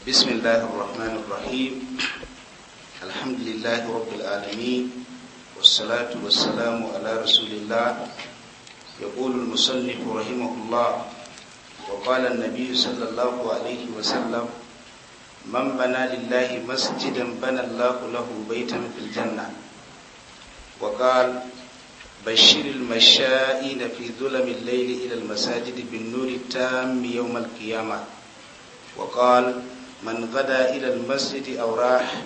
بسم الله الرحمن الرحيم الحمد لله رب العالمين والصلاة والسلام على رسول الله يقول المصنف رحمه الله وقال النبي صلى الله عليه وسلم من بنى لله مسجدا بنى الله له بيتا في الجنة وقال بشر المشائين في ظلم الليل إلى المساجد بالنور التام يوم القيامة وقال من غدا إلى المسجد أو راح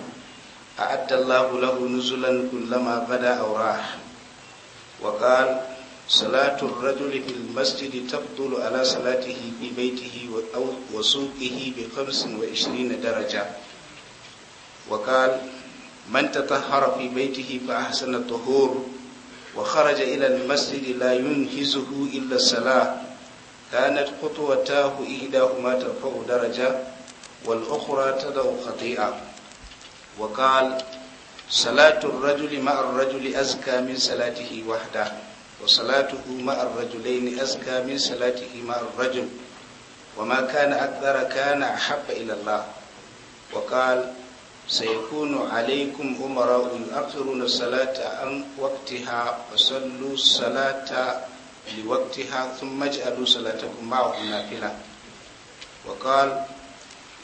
أعد الله له نزلا كلما غدا أو راح وقال صلاة الرجل في المسجد تفضل على صلاته في بيته أو وسوقه بخمس وعشرين درجة وقال من تطهر في بيته فأحسن الطهور وخرج إلى المسجد لا ينهزه إلا الصلاة كانت خطوتاه إحداهما ترفع درجة والأخرى تدعو خطيئة وقال صلاة الرجل مع الرجل أزكى من صلاته وحده وصلاته مع الرجلين أزكى من صلاته مع الرجل وما كان أكثر كان أحب إلى الله وقال سيكون عليكم أمراء يؤخرون الصلاة عن وقتها وصلوا الصلاة لوقتها ثم اجعلوا صلاتكم معهم نافلة وقال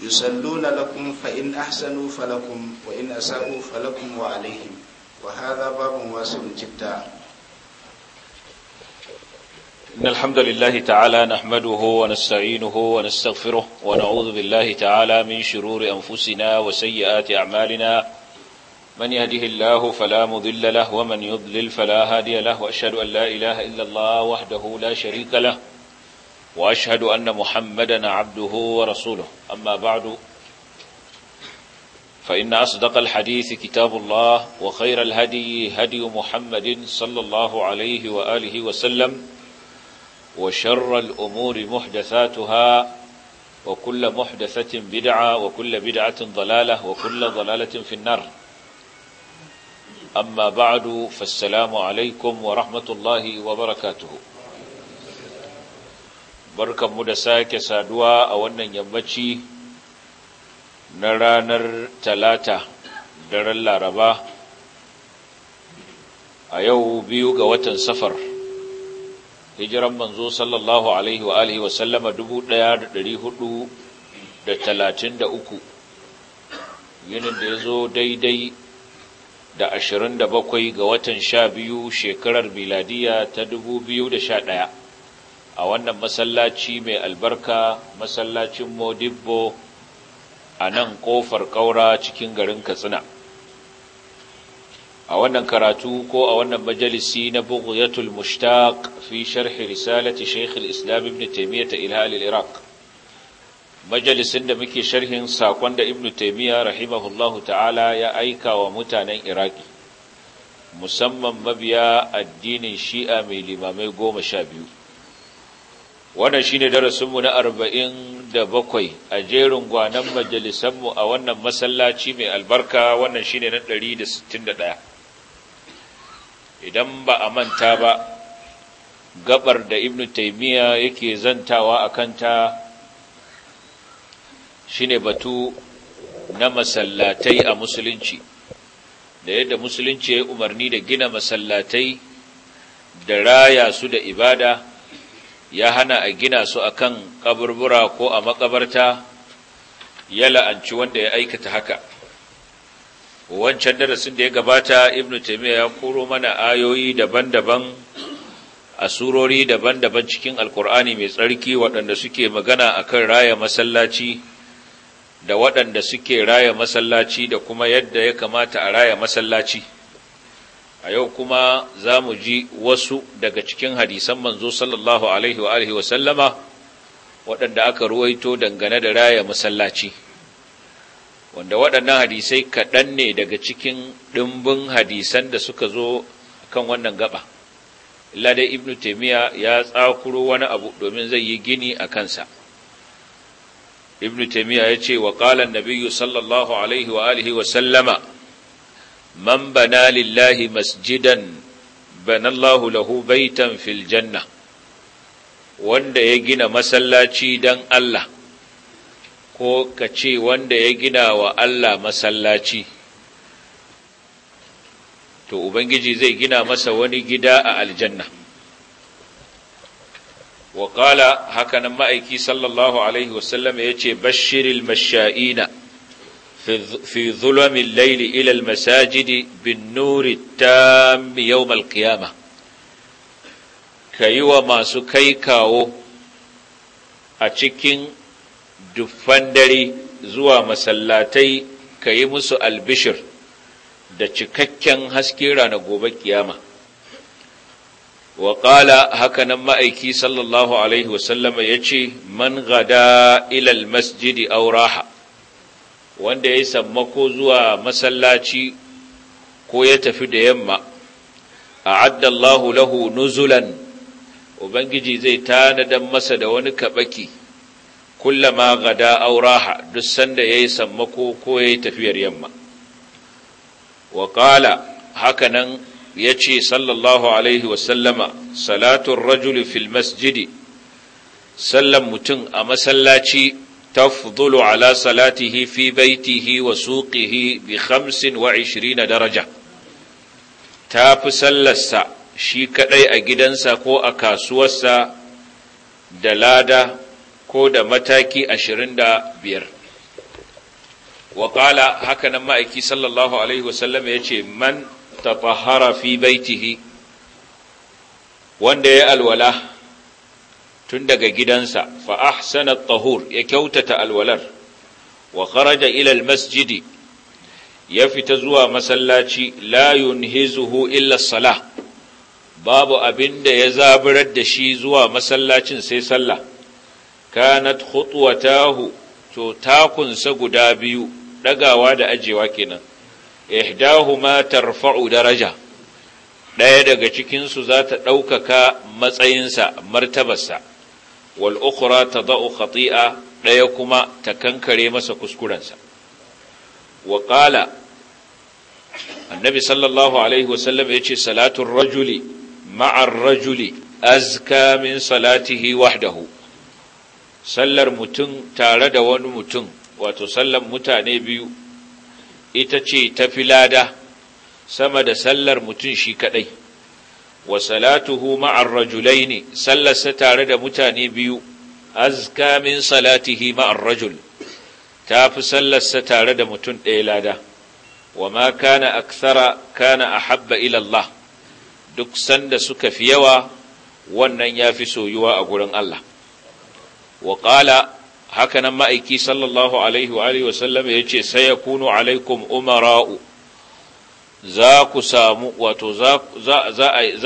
يصلون لكم فإن أحسنوا فلكم وإن أساءوا فلكم وعليهم وهذا باب واسع جدا إن الحمد لله تعالى نحمده ونستعينه ونستغفره ونعوذ بالله تعالى من شرور أنفسنا وسيئات أعمالنا من يهده الله فلا مضل له ومن يضلل فلا هادي له وأشهد أن لا إله إلا الله وحده لا شريك له واشهد ان محمدا عبده ورسوله اما بعد فان اصدق الحديث كتاب الله وخير الهدي هدي محمد صلى الله عليه واله وسلم وشر الامور محدثاتها وكل محدثه بدعه وكل بدعه ضلاله وكل ضلاله في النار اما بعد فالسلام عليكم ورحمه الله وبركاته mu da sake saduwa a wannan yammaci na ranar talata daren laraba a yau biyu ga watan safar hijiran manzo sallallahu alaihi wa alihi wasallama dubu ɗaya da dari hudu da talatin da uku yinin da ya zo daidai da ashirin da bakwai ga watan sha biyu shekarar miladiya ta dubu biyu da sha ɗaya a wannan masallaci mai albarka masallacin modibbo a nan ƙofar ƙaura cikin garin katsina a wannan karatu ko a wannan majalisi na bughyatul mushtaq fi sharhi risalati shaykh al-islam ibn taymiyyah ila al-iraq majalisin da muke sharhin sakon da ibn taymiyyah rahimahullahu ta'ala ya aika wa mutanen iraki musamman mabiya addinin shi'a mai limamai goma sha biyu wannan shine darasinmu na arba'in da bakwai a jerin gwanan majalisanmu a wannan masallaci mai albarka wannan shine na ɗari idan ba a manta ba gabar da ibnu taymiya yake zantawa a kanta shine batu na masallatai a musulunci da yadda musulunci ya umarni da gina masallatai da raya su da ibada ya hana a gina su a kan ƙaburbura ko a makabarta ya la'anci wanda ya aikata haka wancan darasin da ya gabata Ibn taimiyya ya kuro mana ayoyi daban-daban a surori daban-daban cikin alkur'ani mai tsarki waɗanda suke magana a kan raya masallaci da waɗanda suke raya masallaci da kuma yadda ya kamata a raya masallaci a yau kuma za mu ji wasu daga cikin hadisan manzo sallallahu alaihi wa alihi wa sallama waɗanda aka ruwaito dangane da raya masallaci wanda waɗannan hadisai kaɗan ne daga cikin ɗimbin hadisan da suka zo kan wannan gaba illa dai ibnu taimiyya ya tsakuro wani abu domin zai yi gini a kansa ibnu taimiyya ya ce wa ƙalan nabiyyu sallallahu alaihi wa alihi wa sallama man bana lillahi masjidan banallahu lahu baitan fil janna wanda ya gina masallaci dan Allah ko ka ce wanda ya gina wa Allah masallaci to ubangiji zai gina masa wani gida a aljanna wa hakanan ma'aiki sallallahu alaihi wasallam yace Bashirin masha'ina fi zulamin laili ilal masajidi bin nuri tam yawmal qiyama ka yi wa masu kai kawo a cikin dufan dare zuwa masallatai ka yi musu albishir da cikakken haske rana gobe kiyama wa ƙala hakanan ma'aiki sallallahu alaihi wasallama ya ce man ilal masjidi auraha wanda ya yi sammako zuwa masallaci ko ya tafi da yamma a Allahu lahu nuzulan ubangiji zai tanadan masa da wani kaɓaki kullama gada auraha duk sanda yayi sammako ko yayi tafiyar yamma wa qala hakanan yace sallallahu alaihi wa sallama salatul rajuli fil masjidi sallan mutum a masallaci تفضل على صلاته في بيته وسوقه بخمس وعشرين درجة تافي سلسة shi kaɗai a gidansa ko a kasuwarsa da lada ko da mataki ashirin da biyar waƙala hakanan ma'aiki sallallahu alaihi wasallam ya ce man ta fi wanda ya alwala tun daga gidansa fa ahsana tahur ya kyautata alwalar wa kharaja ila masjidi ya fita zuwa masallaci la yunhizuhu illa salah babu abin da ya zaburar da shi zuwa masallacin sai sallah kanat khutwatahu to takunsa guda biyu dagawa da ajewa kenan ihdahuma tarfa'u daraja ɗaya daga cikinsu za ta ɗaukaka matsayinsa martabarsa wal ukhra tadau khati'a ɗaya kuma ta kankare masa kuskurensa wa ƙala annabi sallallahu alaihi wasallam yace salatu rajuli ma'ar rajuli azka min salatihi wahdahu sallar mutum tare da wani mutum wato sallar mutane biyu ita ce ta filada sama da sallar mutum shi kaɗai. wa salatuhu ma'ar ne. sallarsa tare da mutane biyu azka min salatihi ma'ar rajul ta fi sallarsa tare da mutum ɗaya lada wa ma kana akthara kana ahabba ila Allah duk sanda suka fi yawa wannan ya fi soyuwa a gurin Allah wa hakanan haka nan ma'aiki sallallahu alaihi wa alihi wa sallam yace kunu, alaikum umara'u za ku samu wato za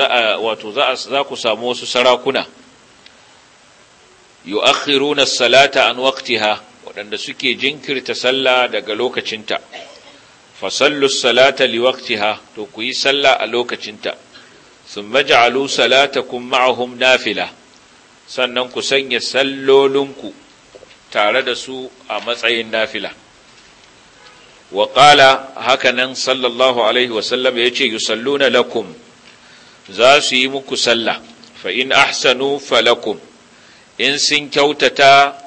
a wato za ku samu wasu sarakuna yu'akhiruna as-salata an waqtiha waɗanda suke jinkirta sallah daga lokacinta fa as-salata liwaqtiha to ku yi sallah a lokacinta thumma ja'alu salatakum ma'ahum nafila sannan ku sanya sallolinku tare da su a matsayin nafila waƙala qala hakanan sallallahu alaihi wa sallam yace yusalluna lakum za su yi muku sallah fa in ahsanu falakum in sun kyautata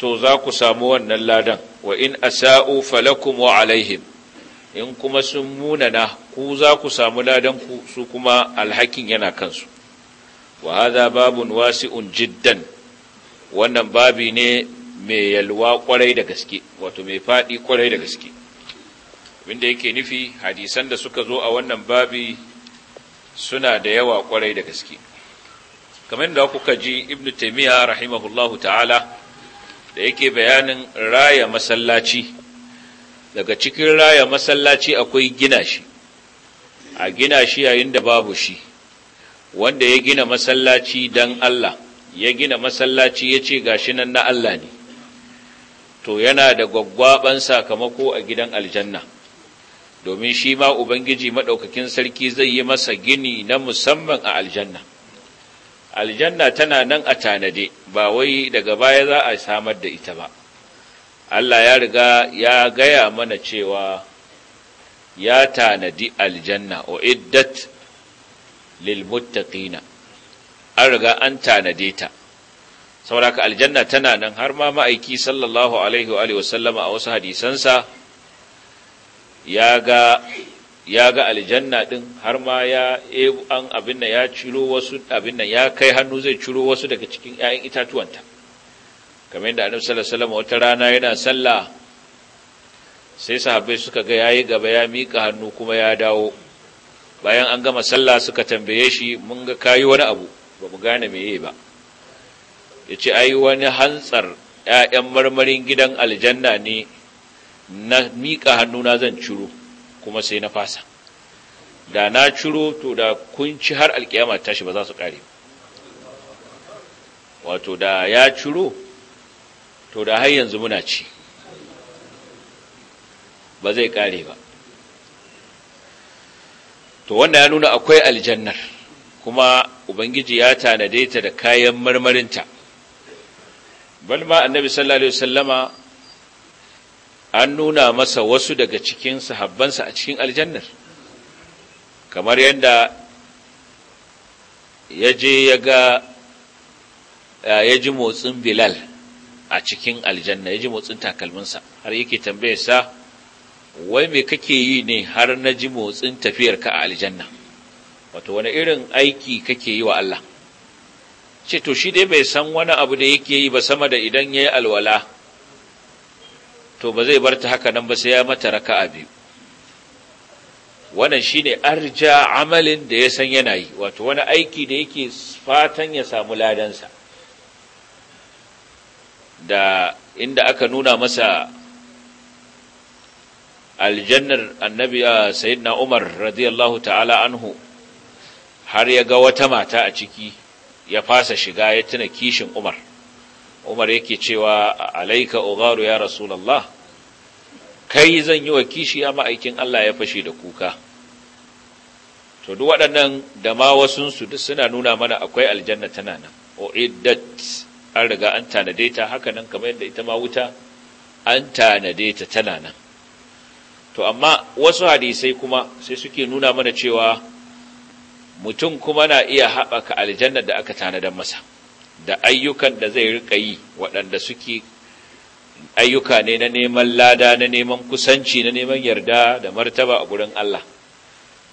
to za ku samu wannan ladan wa in asa'u falakum wa alaihim in kuma sun munana ku za ku samu ladan ku su kuma alhakin yana kansu wa hadha babun wasi'un jiddan wannan babi ne mai yalwa kwarai da gaske wato mai faɗi kwarai da gaske wanda yake nufi hadisan da suka zo a wannan babi suna da yawa kwarai da gaske kamar da kuka ji ibnu taymiya rahimahullahu ta'ala da yake bayanin raya masallaci daga cikin raya masallaci akwai gina shi a gina shi yayin da babu shi wanda ya gina masallaci dan Allah ya gina masallaci yace ce gashi nan na Allah ne to yana da gwaggwaban sakamako a gidan aljanna domin shi ma ubangiji maɗaukakin sarki zai yi masa gini na musamman a aljanna aljanna tana nan a tanade ba wai daga baya za a samar da ita ba Allah ya riga ya gaya mana cewa ya tanadi aljanna o iddat lil an riga an tanade ta saboda aljanna tana nan har ma ma'aiki sallallahu alaihi wa sallama a wasu hadisansa ya ga ya aljanna din har ma ya eh, an abin ya ciro wasu abin nan ya kai hannu zai ciro wasu daga cikin 'ya'yan itatuwanta kamar yadda Annabi sallallahu alaihi wasallam wata rana yana sallah sai sahabbai suka ga yayi gaba ya mika hannu kuma ya dawo bayan an gama salla suka tambaye shi mun ga kayi wani abu ba mu gane meye ba yace ai wani hantsar ƴaƴan marmarin gidan aljanna ne na miƙa hannuna zan ciro kuma sai na fasa da na ciro to da kun ci har alkiyama tashi ba za su ƙare wato da ya ciro to da har yanzu muna ci ba zai ƙare ba to wanda ya nuna akwai aljannar kuma ubangiji ya tanade ta da kayan marmarinta bal ma annabi sallallahu alaihi wasallama an nuna masa wasu daga cikin sahabbansa a cikin aljannar kamar yadda ya je ya ga ya ji motsin bilal a cikin aljanna ya ji motsin takalminsa har yake tambayarsa wai me kake yi ne har na ji motsin tafiyarka a aljanna wato wani irin aiki kake yi wa Allah ce to shi dai bai san wani abu da yake yi ba sama da idan ya yi alwala to ba zai bar ta haka nan ba sai ya mata raka'a biyu wannan shine arja amalin da ya san yana yi wato wani aiki da yake fatan ya samu ladansa da inda aka nuna masa aljannar annabi sayyidina Umar radiyallahu ta'ala anhu har ya ga wata mata a ciki ya fasa shiga ya tuna kishin Umar umar yake cewa alaika ugaru ya rasulullah kai zan yi wa kishiya ma'aikin Allah ya fashe da kuka to duk waɗannan da ma wasunsu duk suna nuna mana akwai aljanna tana nan uiddat an riga an tanade ta haka nan kamar yadda ita ma wuta an tanade ta tana nan to amma wasu hadisai kuma sai suke nuna mana cewa mutum kuma na iya haɓaka aljannar da aka tanadar masa da ayyukan da zai rika yi waɗanda suke ayyuka ne na neman lada na neman kusanci na neman yarda da martaba a gurin Allah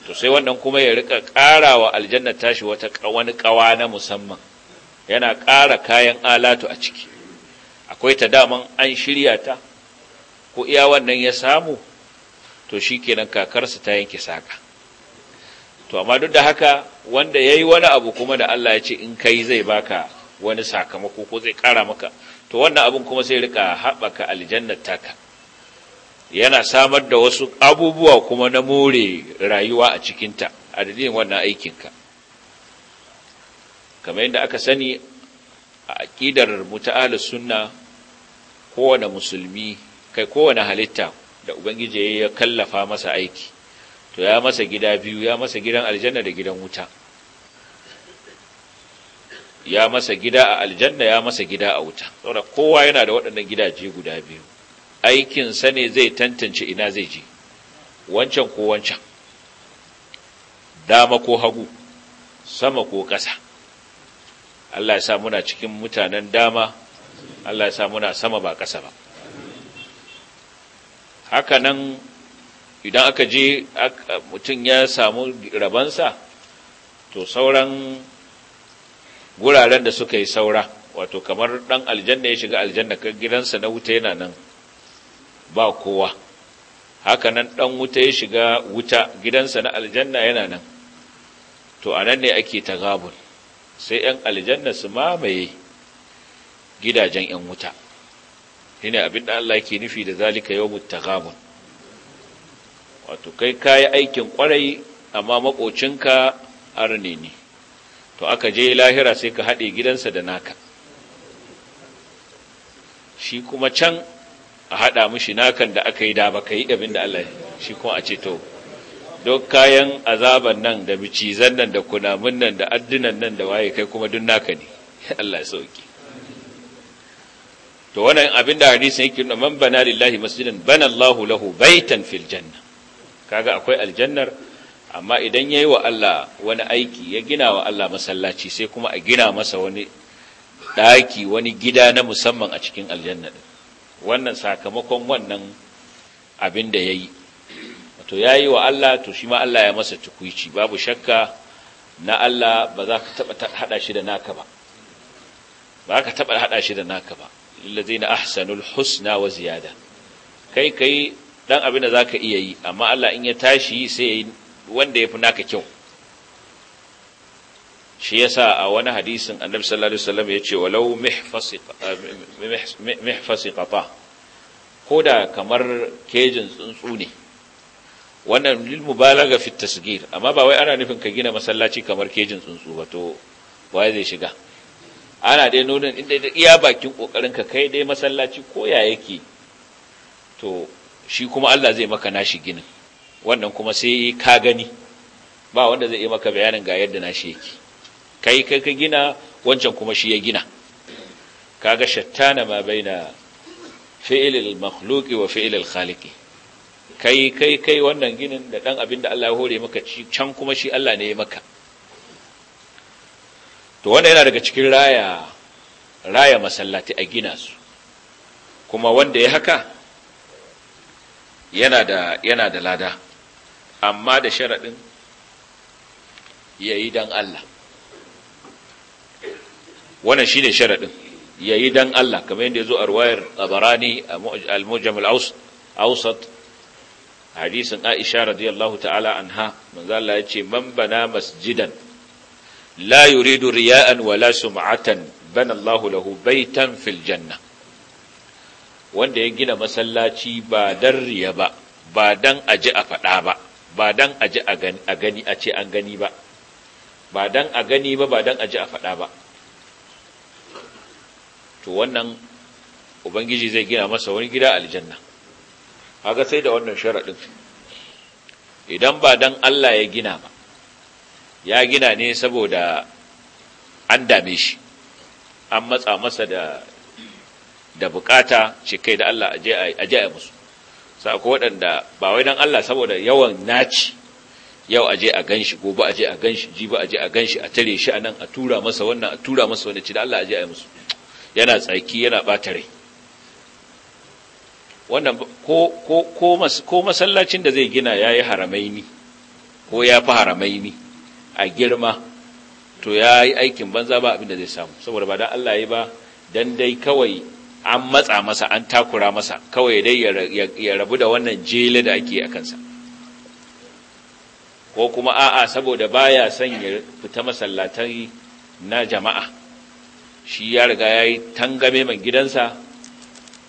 to sai wannan kuma ya rika wa aljanna tashi wata wani ƙawa na musamman yana ƙara kayan alatu a ciki akwai ta daman an shirya ta ko iya wannan ya samu to shi shikenan kakarsa ta yanke saka to amma duk da haka wanda yayi wani abu kuma da Allah ya ce in kai zai baka wani sakamako ko zai ƙara maka to wannan abin kuma sai rika haɓaka aljannar taka yana samar da wasu abubuwa kuma na more rayuwa a cikinta a dalilin wannan aikinka kamar yadda aka sani a aƙidar muta'alus sunna kowane musulmi kai kowane halitta da ubangiji ya kallafa masa aiki to ya masa gida biyu ya masa gidan aljanna da gidan wuta ya masa gida a aljanna ya masa gida a wuta saboda kowa yana da waɗannan gidaje guda biyu aikin sa ne zai tantance ina zai je wancan ko wancan dama ko hagu sama ko ƙasa Allah ya sa muna cikin mutanen dama Allah ya sa muna sama ba ƙasa ba haka nan idan aka je mutum ya samu rabansa to sauran guraren da suka yi saura wato kamar dan aljanna ya shiga aljanna kan gidansa na wuta yana nan ba kowa haka nan dan wuta ya shiga wuta gidansa na aljanna yana nan to anan ne ake tagabul sai yan aljanna su mamaye gidajen yan wuta shine da Allah yake nufi da zalika yawmut tagabul wato kai kayi aikin kwarai amma makocinka arne ne to aka je lahira sai ka haɗe gidansa da naka shi kuma can a haɗa mushi nakan da aka yi da ba ka yi abin da Allah shi kuma a ce to duk kayan azaban nan da bicizan nan da kunamun nan da addinan nan da waye kai kuma duk naka ne Allah ya sauki to wannan abin da hadisin yake nuna man bana lillahi masjidan bana Allahu lahu baitan fil janna kaga akwai aljannar amma idan ya yi wa Allah wani aiki ya gina wa Allah masallaci sai kuma a gina masa wani ɗaki wani gida na musamman a cikin aljanna ɗin wannan sakamakon wannan abin da ya yi to ya yi wa Allah to shi ma Allah ya masa tukwici babu shakka na Allah ba za ka taɓa haɗa shi da naka ba ba ka taɓa haɗa shi da naka ba na ahsanul husna wa ziyada kai kai dan abin da za ka iya yi amma Allah in ya tashi sai yayi wanda ya fi naka kyau shi yasa a wani hadisin annabi sallallahu alaihi wasallam ya ce walau mihfasi ah, qata ko da kamar kejin tsuntsu ne wannan lil mubalaga fi tasgir amma ba wai ana nufin ka gina masallaci kamar kejin tsuntsu ba to waye zai shiga ana dai nuna inda da iya bakin kokarin ka kai dai masallaci ko ya yake to shi kuma Allah zai maka nashi ginin wannan kuma sai ka gani ba wanda zai yi maka bayanin ga yadda na shi yake kai kai ka gina wancan kuma shi ya gina kaga shattana ma baina fi'ilil makhluqi wa fi'ilil khaliqi kai kai kai wannan ginin da dan abin da Allah ya hore maka can kuma shi Allah ne ya maka to wanda yana daga cikin raya raya masallati a gina su kuma wanda ya haka yana da yana da lada amma da sharaɗin ya don Allah wannan shi ne sharaɗin yayi yi don Allah kamar yadda ya zo a ruwayar tsabarani al-mujam al-ausat hadisin aisha radiyallahu ta'ala anha manzo Allah ya ce man bana masjidan la yuridu riya'an wala sum'atan bana Allah lahu baitan fil janna wanda ya gina masallaci ba dan riya ba ba dan aji a fada ba ba dan a ji a gani a ce an gani ba ba dan a gani ba ba dan a ji a faɗa ba to wannan ubangiji zai gina masa wani gida aljanna haka sai da wannan sharaɗin idan ba dan Allah ya gina ba ya gina ne saboda an dame shi an matsa masa da da bukata ce kai da Allah aje a musu sa ko waɗanda ba wai dan Allah saboda yawan naci yau aje a ganshi gobe aje a ganshi jibi aje a ganshi a tare shi anan a tura masa wannan a tura masa wannan ci da Allah aje a yi musu yana tsaki yana bata rai wannan ko masallacin da zai gina ya yi haramaini ko ya fi haramaini a girma to ya yi aikin banza ba abin da zai samu saboda ba dan Allah yi ba dan dai kawai an matsa masa an takura masa kawai dai ya rabu da wannan jele da ake a kansa ko kuma a'a saboda baya son ya fita masallatan na jama'a shi ya riga ya yi tangame mai gidansa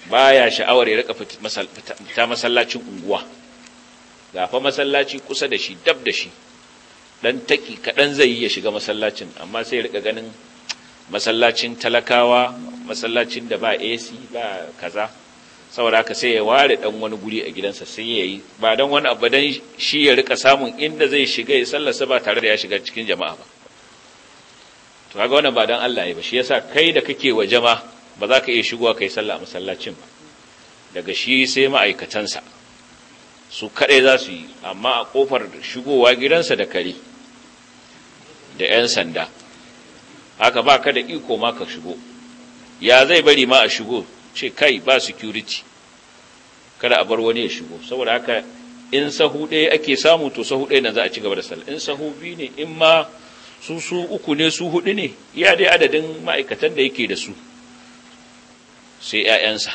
baya sha'awar ya rika fita masallacin unguwa gafa masallaci kusa da shi dab da shi dan taki kaɗan zai yi ya shiga masallacin amma sai ya rika ganin masallacin talakawa masallacin da ba AC ba kaza saboda haka sai ya ware dan wani guri a gidansa sai yayi ba dan wani abu dan shi ya rika samun inda zai shiga ya sallarsa ba tare da ya shiga cikin jama'a ba to kaga wannan ba dan Allah ya ba shi yasa kai da kake wa jama'a ba za ka iya shigowa kai sallah a masallacin ba daga shi sai ma'aikatansa su kaɗai za su yi amma a kofar shigowa gidansa da kare da 'yan sanda haka ba ka da iko ma ka shigo ya zai bari ma a shigo ce kai ba security kada a bar wani ya shigo saboda haka in sahu ɗaya ake samu to sahu ɗaya nan za a ci gaba da sallah in sahu biyu ne in ma su su uku ne su hudu ne ya dai adadin ma'aikatan da yake da su sai ‘ya'yansa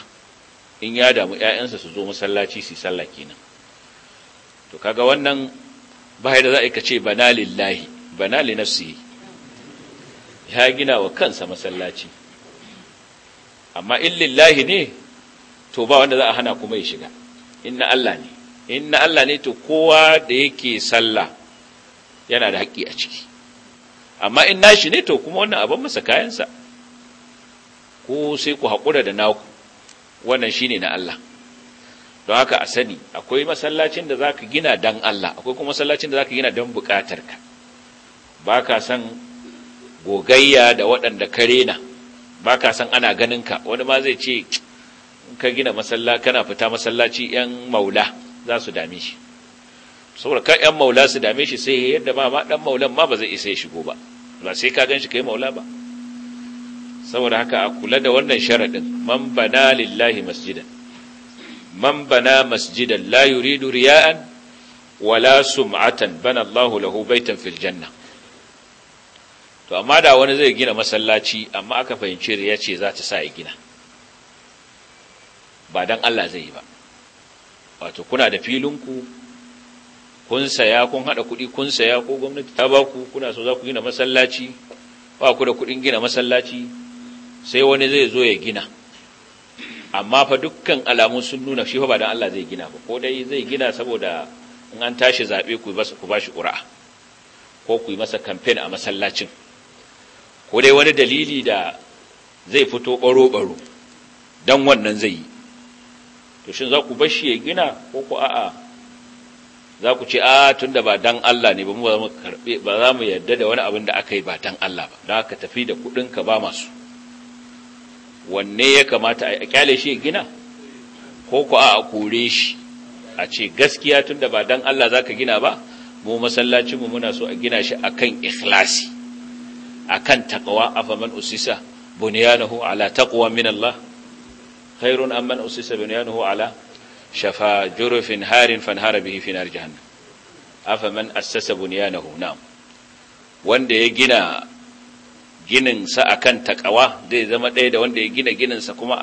in ya damu ‘ya'yansa su zo masallaci su sallah kenan to kaga wannan ba da za a ce bana lillahi bana li nafsihi ya gina wa kansa masallaci amma in lillahi ne to ba wanda za a hana kuma ya shiga inna Allah ne inna Allah ne to kowa da yake sallah yana da haƙƙi a ciki amma in nashi ne to kuma wannan abin masa kayansa ko sai ku haƙura da naku wannan shine na Allah don haka a sani akwai masallacin da ka gina dan Allah akwai kuma masallacin da zaka gina dan bukatarka baka san gogayya da waɗanda ka rena ba ka san ana ganin ka wani ma zai ce ka gina masalla kana fita masallaci yan maula za su dame shi saboda ka yan maula su dame shi sai yadda ma ɗan maulan ma ba zai isa ya shigo ba ba sai ka ganshi yi maula ba saboda haka a kula da wannan sharaɗin man bana lillahi masjidan man bana masjidan la yuridu riya'an wala sum'atan bana Allahu lahu baitan fil jannah to amma da wani zai gina masallaci amma aka fahimci riya ce za ta sa ya gina ba dan Allah zai yi ba wato kuna da filinku kun saya kun haɗa kuɗi kun saya ko gwamnati ta ba ku kuna so za ku gina masallaci ba ku da kuɗin gina masallaci sai wani zai zo ya gina amma fa dukkan alamu sun nuna shi fa ba dan Allah zai gina ba ko dai zai gina saboda in an tashi zaɓe ku ba ku bashi ƙura ko ku yi masa kamfen a masallacin ko dai wani dalili da zai fito baro-baro don wannan zai yi to shi za ku bashi ya gina ko ku a'a za ku ce a tun da ba dan Allah ne ba mu ba za mu yarda da wani abin da aka yi ba dan Allah ba don ka tafi da kuɗinka ba masu wanne ya kamata a kyale shi ya gina ko ku a kore shi a ce gaskiya tun da ba dan Allah za ka gina ba mu masallacinmu muna so a gina shi akan ikhlasi akan taqwa afaman usisa bunyanahu ala taqwa min Allah khairun amman usisa bunyanahu ala shafa jurfin harin fanhara bihi fi nar jahannam afaman assasa bunyanahu na'am wanda ya gina gininsa akan taqwa zai zama ɗaya da wanda ya gina gininsa kuma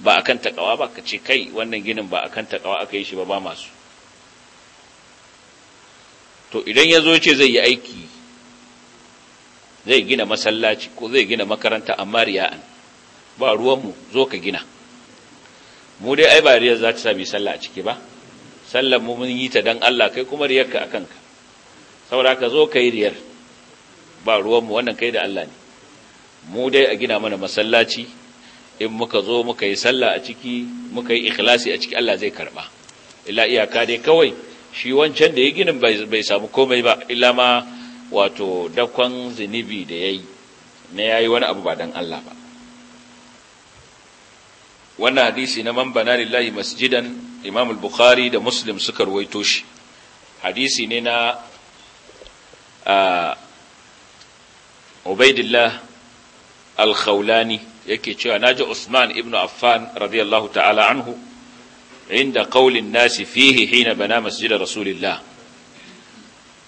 ba akan taqwa ba ce kai wannan ginin ba akan taqwa aka yi shi ba ba masu to idan ya zo ce zai yi aiki zai gina masallaci ko zai gina makaranta amma riya'an ba ruwanmu zo ka gina mu dai ai ba riyar za ta sami sallah a ciki ba sallar mu mun yi ta dan Allah kai kuma riyar ka akan ka saboda ka zo kai riyar ba ruwanmu wannan kai da Allah ne mu dai a gina mana masallaci in muka zo muka yi sallah a ciki muka yi ikhlasi a ciki Allah zai karba illa iyaka dai kawai shi wancan da ya ginin bai samu komai ba illa ma wato dakon zunubi da ya yi na ya yi wani abu ba don Allah ba wannan hadisi na man bana lillahi masjidan imam al-bukhari da muslim suka ruwaito shi hadisi ne na ubaidillah al-khawlani yake cewa naji usman ibn affan radiyallahu ta'ala anhu inda qaulin nasi fihi hina bana masjidar rasulillah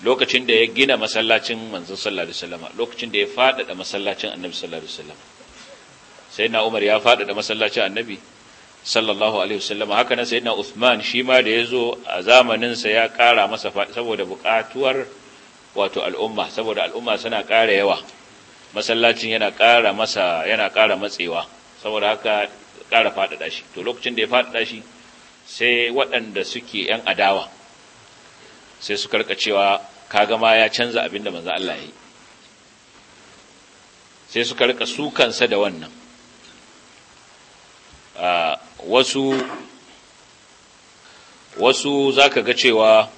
lokacin da ya gina masallacin manzon sallallahu alaihi wasallam lokacin da ya fadada masallacin annabi sallallahu alaihi wasallam sayyidina umar ya fadada masallacin annabi sallallahu alaihi wasallam haka nan sayyidina uthman shi ma da yazo a zamanin sa ya kara masa saboda buƙatuwar wato al'umma saboda al'umma suna ƙara yawa masallacin yana ƙara masa yana kara matsewa saboda haka ƙara fadada shi to lokacin da ya fadada shi sai waɗanda suke yan adawa sai su karka cewa kaga ma ya canza abin da manzo Allah yi sai su karka su kansa da wannan wasu wasu zaka ga cewa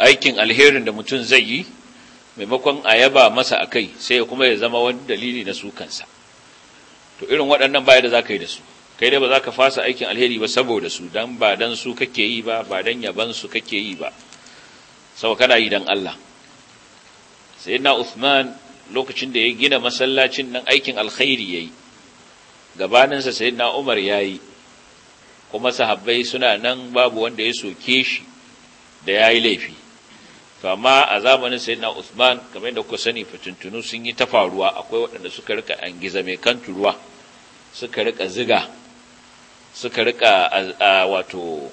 aikin alherin da mutum zai yi maimakon ayaba yaba masa akai sai kuma ya zama wani dalili na su kansa to irin waɗannan baya da zaka yi da su kai dai ba za ka fasa aikin alheri ba saboda su dan ba dan su kake yi ba ba dan yaban su kake yi ba sau kana yi dan Allah na Uthman lokacin da ya gina masallacin nan aikin alkhairi yayi gabanin sa na Umar yayi kuma sahabbai suna nan babu wanda ya soke shi da yayi laifi to amma a zamanin na Uthman kamar da kuka sani fitintunu sun yi ta faruwa akwai waɗanda suka rika angiza mai kan turuwa suka rika ziga suka rika wato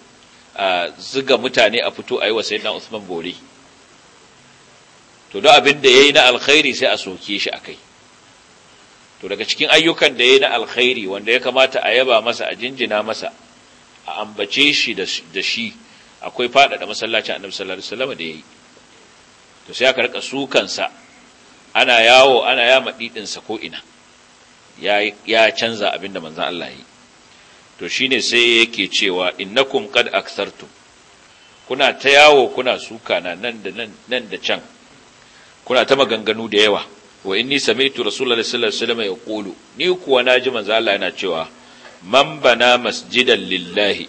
ziga mutane a fito a yi wa na Usman bori. to don abin da yi na alkhairi sai a soke shi a kai. to daga cikin ayyukan da ya yi na alkhairi wanda ya kamata a yaba masa a jinjina masa a ambace shi da shi akwai faɗaɗa masallacin annabi sallallahu alaihi wasallam da ya yi. to sai aka rika sukansa ana yawo ana yama didin sa ko ina ya canza canza abinda manzon Allah yi. to shine sai yake cewa innakum kad akthartum kuna ta yawo kuna suka na nan da nan da can kuna ta maganganu da yawa wa inni sami'tu rasulullahi sallallahu alaihi wasallam yaqulu ni kuwa naji manzo Allah yana cewa man bana masjidan lillahi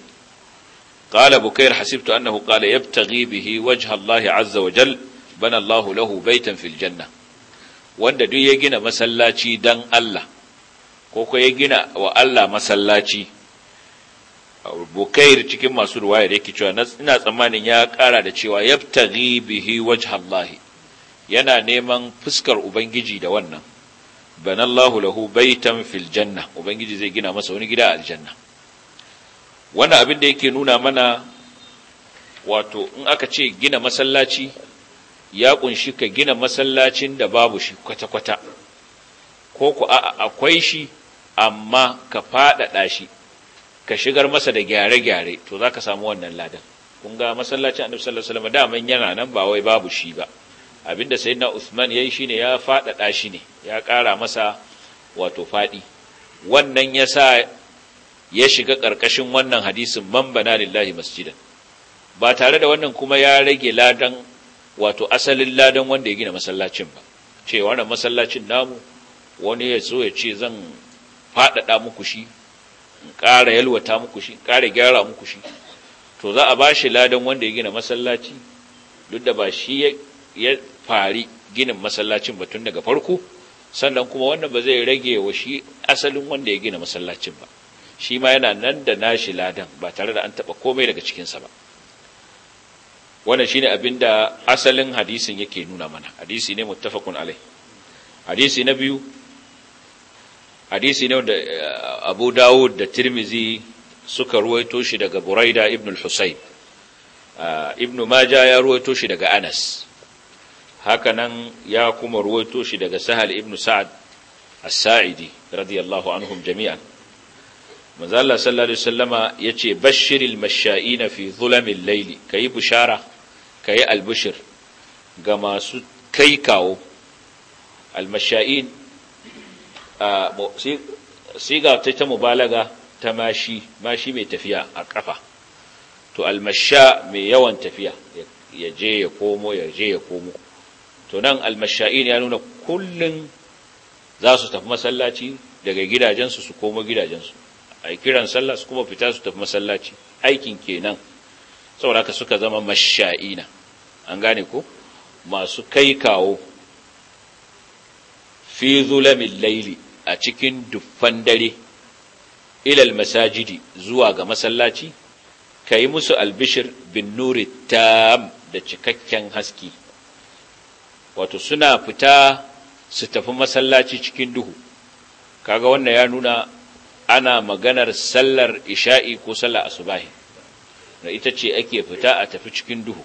qala bukair hasibtu annahu qala yabtaghi bihi wajha Allah azza wa jal bana Allah lahu baitan fil janna wanda duk ya gina masallaci dan Allah ko ko ya gina wa Allah masallaci bukair cikin masu ruwaya da yake cewa ina tsammanin ya kara da cewa yabtaghi bihi wajhallahi yana neman fuskar ubangiji da wannan banallahu lahu baitan fil janna ubangiji zai gina masa wani gida a aljanna wannan abin da yake nuna mana wato in aka ce gina masallaci ya kunshi ka gina masallacin da babu shi kwata-kwata ko ku akwai shi amma ka faɗaɗa shi ka shigar masa da gyare-gyare to za ka samu wannan ladan kun ga masallacin annabi sallallahu alaihi wasallam daman yana nan ba wai babu shi ba abinda sayyidina usman yayi shine ya fadada shi ne ya kara masa wato fadi wannan yasa ya shiga karkashin wannan hadisin mambana bana lillahi masjidan ba tare da wannan kuma ya rage ladan wato asalin ladan wanda ya gina masallacin ba ce wannan masallacin namu wani ya zo ya ce zan faɗaɗa muku shi In ƙara yalwata muku shi ƙara gyara muku shi to za a ba shi ladan wanda ya gina masallaci duk da ba shi ya fari ginin masallacin ba tun daga farko sannan kuma wannan ba zai rage wa shi asalin wanda ya gina masallacin ba shi ma yana nan da nashi ladan ba tare da an taɓa komai daga cikinsa ba wannan shine abin da asalin hadisin yake nuna mana hadisi ne muttafaqun alai hadisi na biyu hadisi ne da eh, abu dawud da tirmizi suka ruwaito shi daga buraida ibn al-husayn eh, ibn maja ya ruwaito shi daga anas hakanan ya kuma ruwaito shi daga sahal ibn sa'ad as-sa'idi radiyallahu anhum jami'an manzo Allah sallallahu alaihi wasallama yace bashiril masha'ina fi zulamil layli kai bushara kai albushir ga masu kai kawo almasha'in siga ta ta mubalaga ta mashi mashi mai tafiya a kafa to almasha mai yawan tafiya ya je ya komo ya je ya komo to nan almasha'in ya nuna kullun za su tafi masallaci daga gidajensu su komo gidajensu a kiran sallah su kuma fita su tafi masallaci aikin kenan saboda haka suka zama masha'ina an gane ko masu kai kawo fi zulamin laili a cikin dufan dare ilal masajidi zuwa ga masallaci ka yi musu albishir bin nuri tam da cikakken haske wato suna fita su tafi masallaci cikin duhu kaga wannan ya nuna ana maganar sallar isha'i ko sallar asubahi na ita ce ake fita a tafi cikin duhu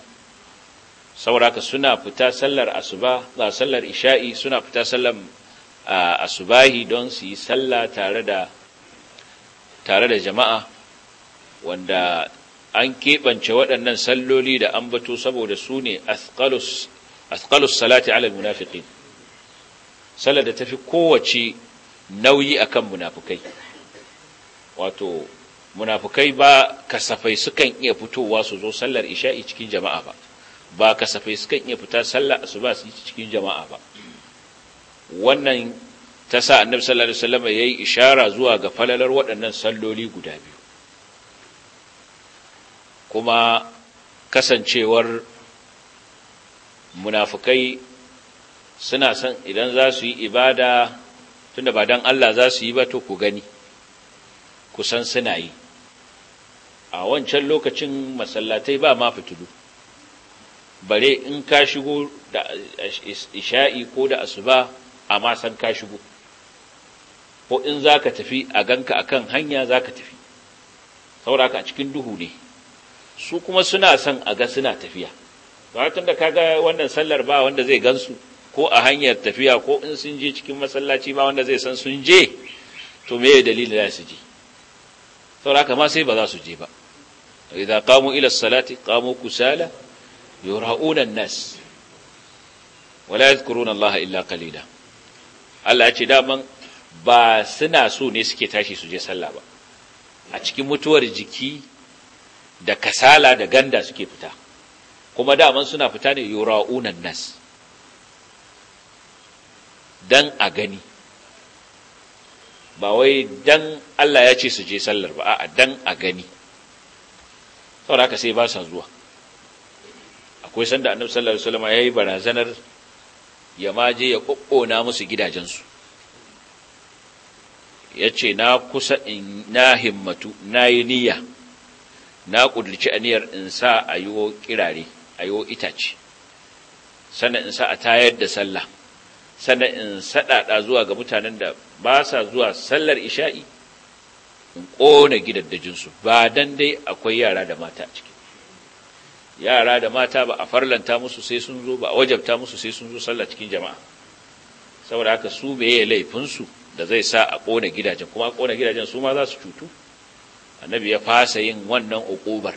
sauraka suna fita sallar asuba ba sallar isha'i suna fita sallar A asubahi don su yi sallah tare da jama'a wanda an keɓance waɗannan salloli da an bato saboda su ne athqalus salati ala munafiqin sallar da tafi kowace nauyi akan munafukai wato munafukai ba kasafai sukan iya fitowa su zo sallar isha'i cikin jama'a ba ba kasafai sukan iya fita sallar asuba su yi cikin jama'a ba wannan ta sa annabi sallallahu alaihi wasallam yayi ishara zuwa ga falalar waɗannan salloli guda biyu kuma kasancewar munafukai suna son idan za su yi ibada tunda ba dan Allah za su yi ba to ku gani kusan suna yi a wancan lokacin masallatai ba ma fitilu bare in ka shigo da isha'i ko da asuba amma san ka shigo ko in za ka tafi a ganka a kan hanya za ka tafi sauraka a cikin duhu ne su kuma suna son a ga suna tafiya ba tun da kaga wannan sallar ba wanda zai gansu ko a hanyar tafiya ko in sun je cikin masallaci ba wanda zai san sun je to me ya dalilin da su je sauraka ma sai ba za su je ba idza qamu ila salati qamu kusala yura'una nas wala yadhkuruna allaha illa qalila Allah ya ce daman ba suna so ne suke tashi su je sallah ba a cikin mutuwar jiki da kasala da ganda suke fita kuma daman suna fita ne yura'unan nas dan a gani ba wai dan Allah ya ce su je sallar ba a'a dan a gani saboda haka sai ba sa zuwa akwai sanda annabi sallallahu alaihi wasallam yayi barazanar ya ma ya ƙoƙona musu gidajensu ya ce na kusa in na himmatu na yi niyya na ƙudurci aniyar in sa a yi wo ƙirare a yi wo itace sannan in sa a tayar da sallah sannan in saɗaɗa zuwa ga mutanen da ba sa zuwa sallar isha'i in ƙona gidaddajinsu ba dan dai akwai yara da mata ciki yara da mata ba a farlanta musu sai sun zo ba a wajabta musu sai sun zo sallah cikin jama'a saboda haka su bai laifin laifinsu da zai sa a ƙona gidajen kuma a ƙona gidajen su ma za su cutu annabi ya fasa yin wannan uƙubar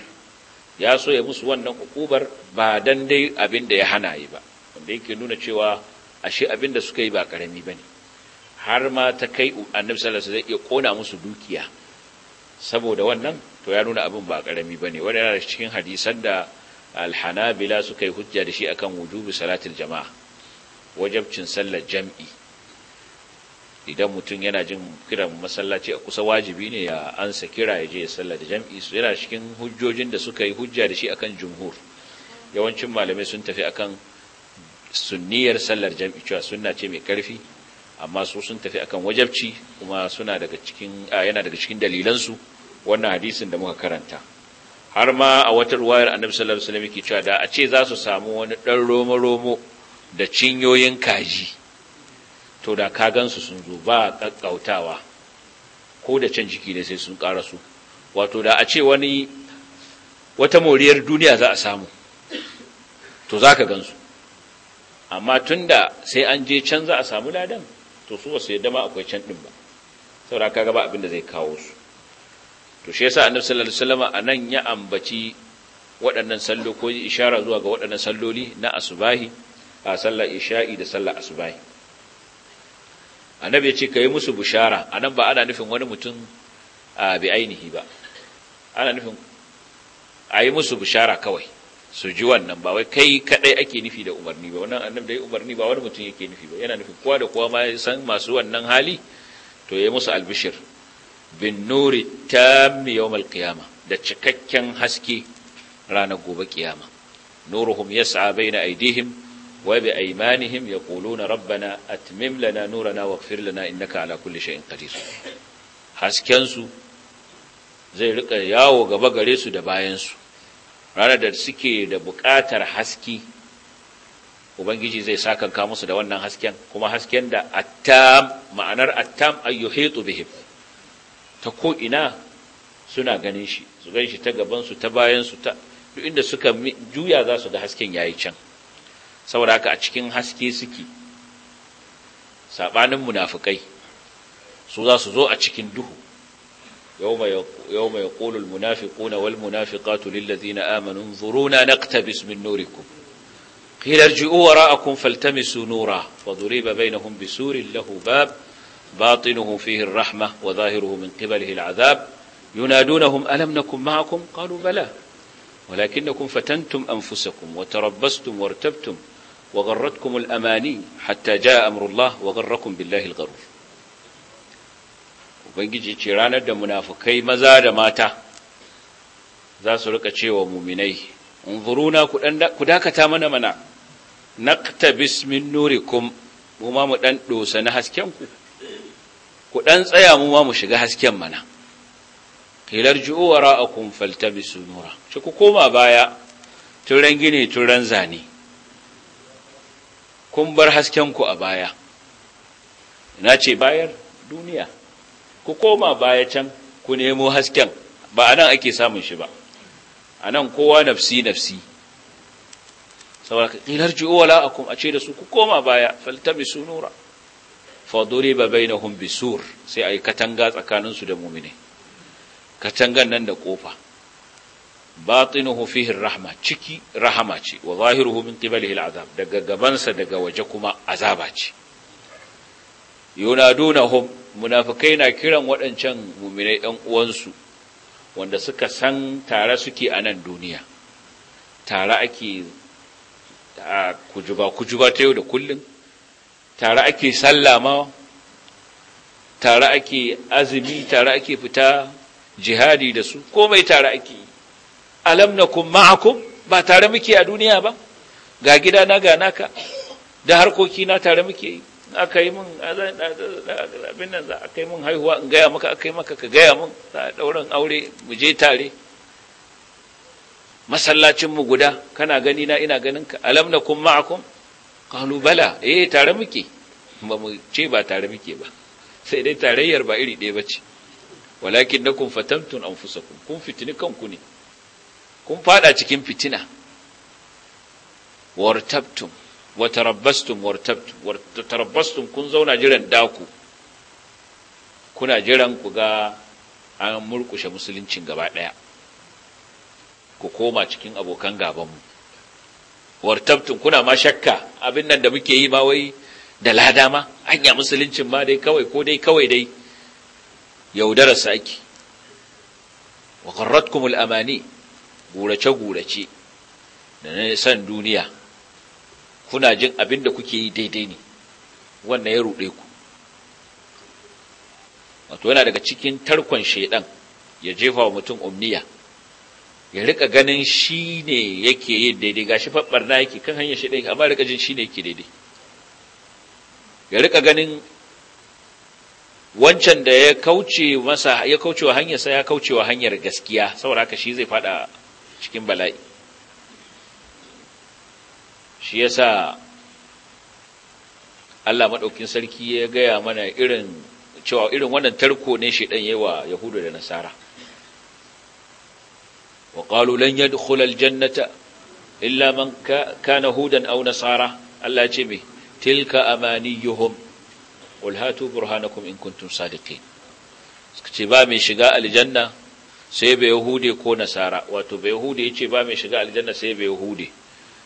ya so ya musu wannan uƙubar ba dan dai abin da ya hana yi ba wanda yake nuna cewa ashe abin da suka yi ba karami ba ne har ma ta kai annabi sallallahu alaihi zai iya ƙona musu dukiya saboda wannan to ya nuna abin ba ƙarami ba ne wanda yana cikin hadisan da alhanabila suka yi hujja da shi akan wujubi salatul jama'a wajabcin sallar jam'i idan mutum yana jin kiran masallaci a kusa wajibi ne ya ansa kira ya je ya sallar da jam'i su yana cikin hujjojin da suka yi hujja da shi akan jumhur yawancin malamai sun tafi akan sunniyar sallar jam'i cewa sunna ce mai karfi amma su sun tafi akan wajabci kuma suna daga cikin yana daga cikin dalilansu wannan hadisin da muka karanta har ma a wata ruwayar annabi sallallahu alaihi wasallam yake cewa da a ce za su samu wani dan romo romo da cinyoyin kaji to da ka gansu sun zo ba kakkautawa ko da can jiki ne sai sun ƙara su wato da a ce wani wata moriyar duniya za a samu to za ka gansu amma tunda sai an je can za a samu ladan to su wasu yadda ma akwai can ɗin ba saboda ka ba abin da zai kawo su to shi yasa annabi sallallahu alaihi wasallam anan ya ambaci waɗannan sallo ko ishara zuwa ga waɗannan salloli na asubahi a sallar isha'i da sallar asubahi annabi ya ce kai musu bushara anan ba ana nufin wani mutum a bi ainihi ba ana nufin a yi musu bushara kawai su ji wannan ba wai kai kadai ake nufi da umarni ba wannan annabi da umarni ba wani mutum yake nufi ba yana nufin kowa da kowa ma san masu wannan hali to yayi musu albishir bin nuri tammi yawmal qiyama da cikakken haske ranar gobe kiyama nuruhum yas'a baina aidihim wa bi aymanihim na rabbana a lana nurana waghfir lana ka ala kulle shay'in qadir hasken su zai rika yawo gaba gare su da bayan su ranar da suke da buƙatar haske ubangiji zai sakanka musu da wannan hasken kuma hasken da attam ma'anar attam ayyuhitu bihim ta ko ina suna ganin shi su gan shi ta gabansu ta bayansu ta duk inda suka juya za su ga hasken yayi can saboda haka a cikin haske suke saɓanin munafikai su za su zo a cikin duhu yawma yaqulu almunafiquna walmunafiqatu lillazina amanu nzuruna naqtabis min nurikum qila irji'u faltami faltamisu nura faduriba bainahum bisurin lahu bab باطنه فيه الرحمة وظاهره من قبله العذاب ينادونهم ألم نكن معكم قالوا بلى ولكنكم فتنتم أنفسكم وتربصتم وارتبتم وغرتكم الأماني حتى جاء أمر الله وغركم بالله الغرور وبنجي ce ranar منافقي مزاد ماتا ذا mata za su انظرونا كداك تامنا unzuruna نقتبس من نوركم mana, naqtabis min ku ɗan tsaya mu ma mu shiga hasken mana hilar ju'u wa ra'akun faltabisu nura shi ku koma baya turan gini turan zane kun bar hasken ku a baya ina ce bayar duniya ku koma baya can ku nemo hasken ba anan ake samun shi ba anan kowa nafsi nafsi saboda hilar ju'u wa ra'akun a ce da su ku koma baya faltabisu nura faduri ba bainahum bisur sai ayi katanga tsakaninsu da mu'mine katangan nan da kofa batinuhu fihi rahma ciki rahama ce wa zahiruhu min qibalihi al'azab daga gabansa daga waje kuma azaba ce yunadunahum munafikai na kiran waɗancan mu'minai ɗan uwansu wanda suka san tare suke a nan duniya tare ake kujuba kujuba ta yau da kullum tare ake sallama tare ake azumi tare ake fita jihadi da su komai tare ake alam kuma ma'akum ba tare muke a duniya ba ga gida na ga naka da harkoki na tare muke aka yi mun abin nan za a kai mun haihuwa in gaya maka aka maka ka gaya mun. za a aure mu je tare masallacinmu guda kana gani na ina ganinka alam na kun qalu bala eh tare muke ba mu ce ba tare muke ba sai dai tarayyar ba iri ɗaya bace walakin nakum fatamtun anfusakum kun fitini kanku ne kun fada cikin fitina wartabtum watarabbastum wartabtum watarabbastum kun zauna jiran daku kuna jiran ku ga an murkushe musuluncin gaba daya ku koma cikin abokan gabanmu wartabtun kuna ma shakka abin nan da muke yi ma wai da lada ma anya musuluncin ma dai kawai ko dai kawai dai yaudarar saki wa qarratkum al-amani gurace gurace da san duniya kuna jin abin da kuke yi daidai ne wannan ya rude ku wato yana daga cikin tarkon shedan ya jefa wa mutum umniya ya rika ganin shi ne yake yi daidai gashi na yake kan hanyar shi ɗaya amma rika jin shi ne yake daidai ya rika ganin wancan da ya kauce masa ya kauce wa hanyarsa ya kauce wa hanyar gaskiya saboda haka shi zai faɗa cikin bala'i shi ya sa Allah maɗaukin sarki ya gaya mana irin cewa irin wannan tarko ne ɗan yi wa Yahudu da Nasara wa qalu lan yadkhula aljannata illa man kana hudan aw nasara Allah ce me tilka amaniyuhum qul hatu burhanakum in kuntum sadiqin suka ce ba mai shiga aljanna sai bai yahude ko nasara wato bai yahude yace ba mai shiga aljanna sai bai yahude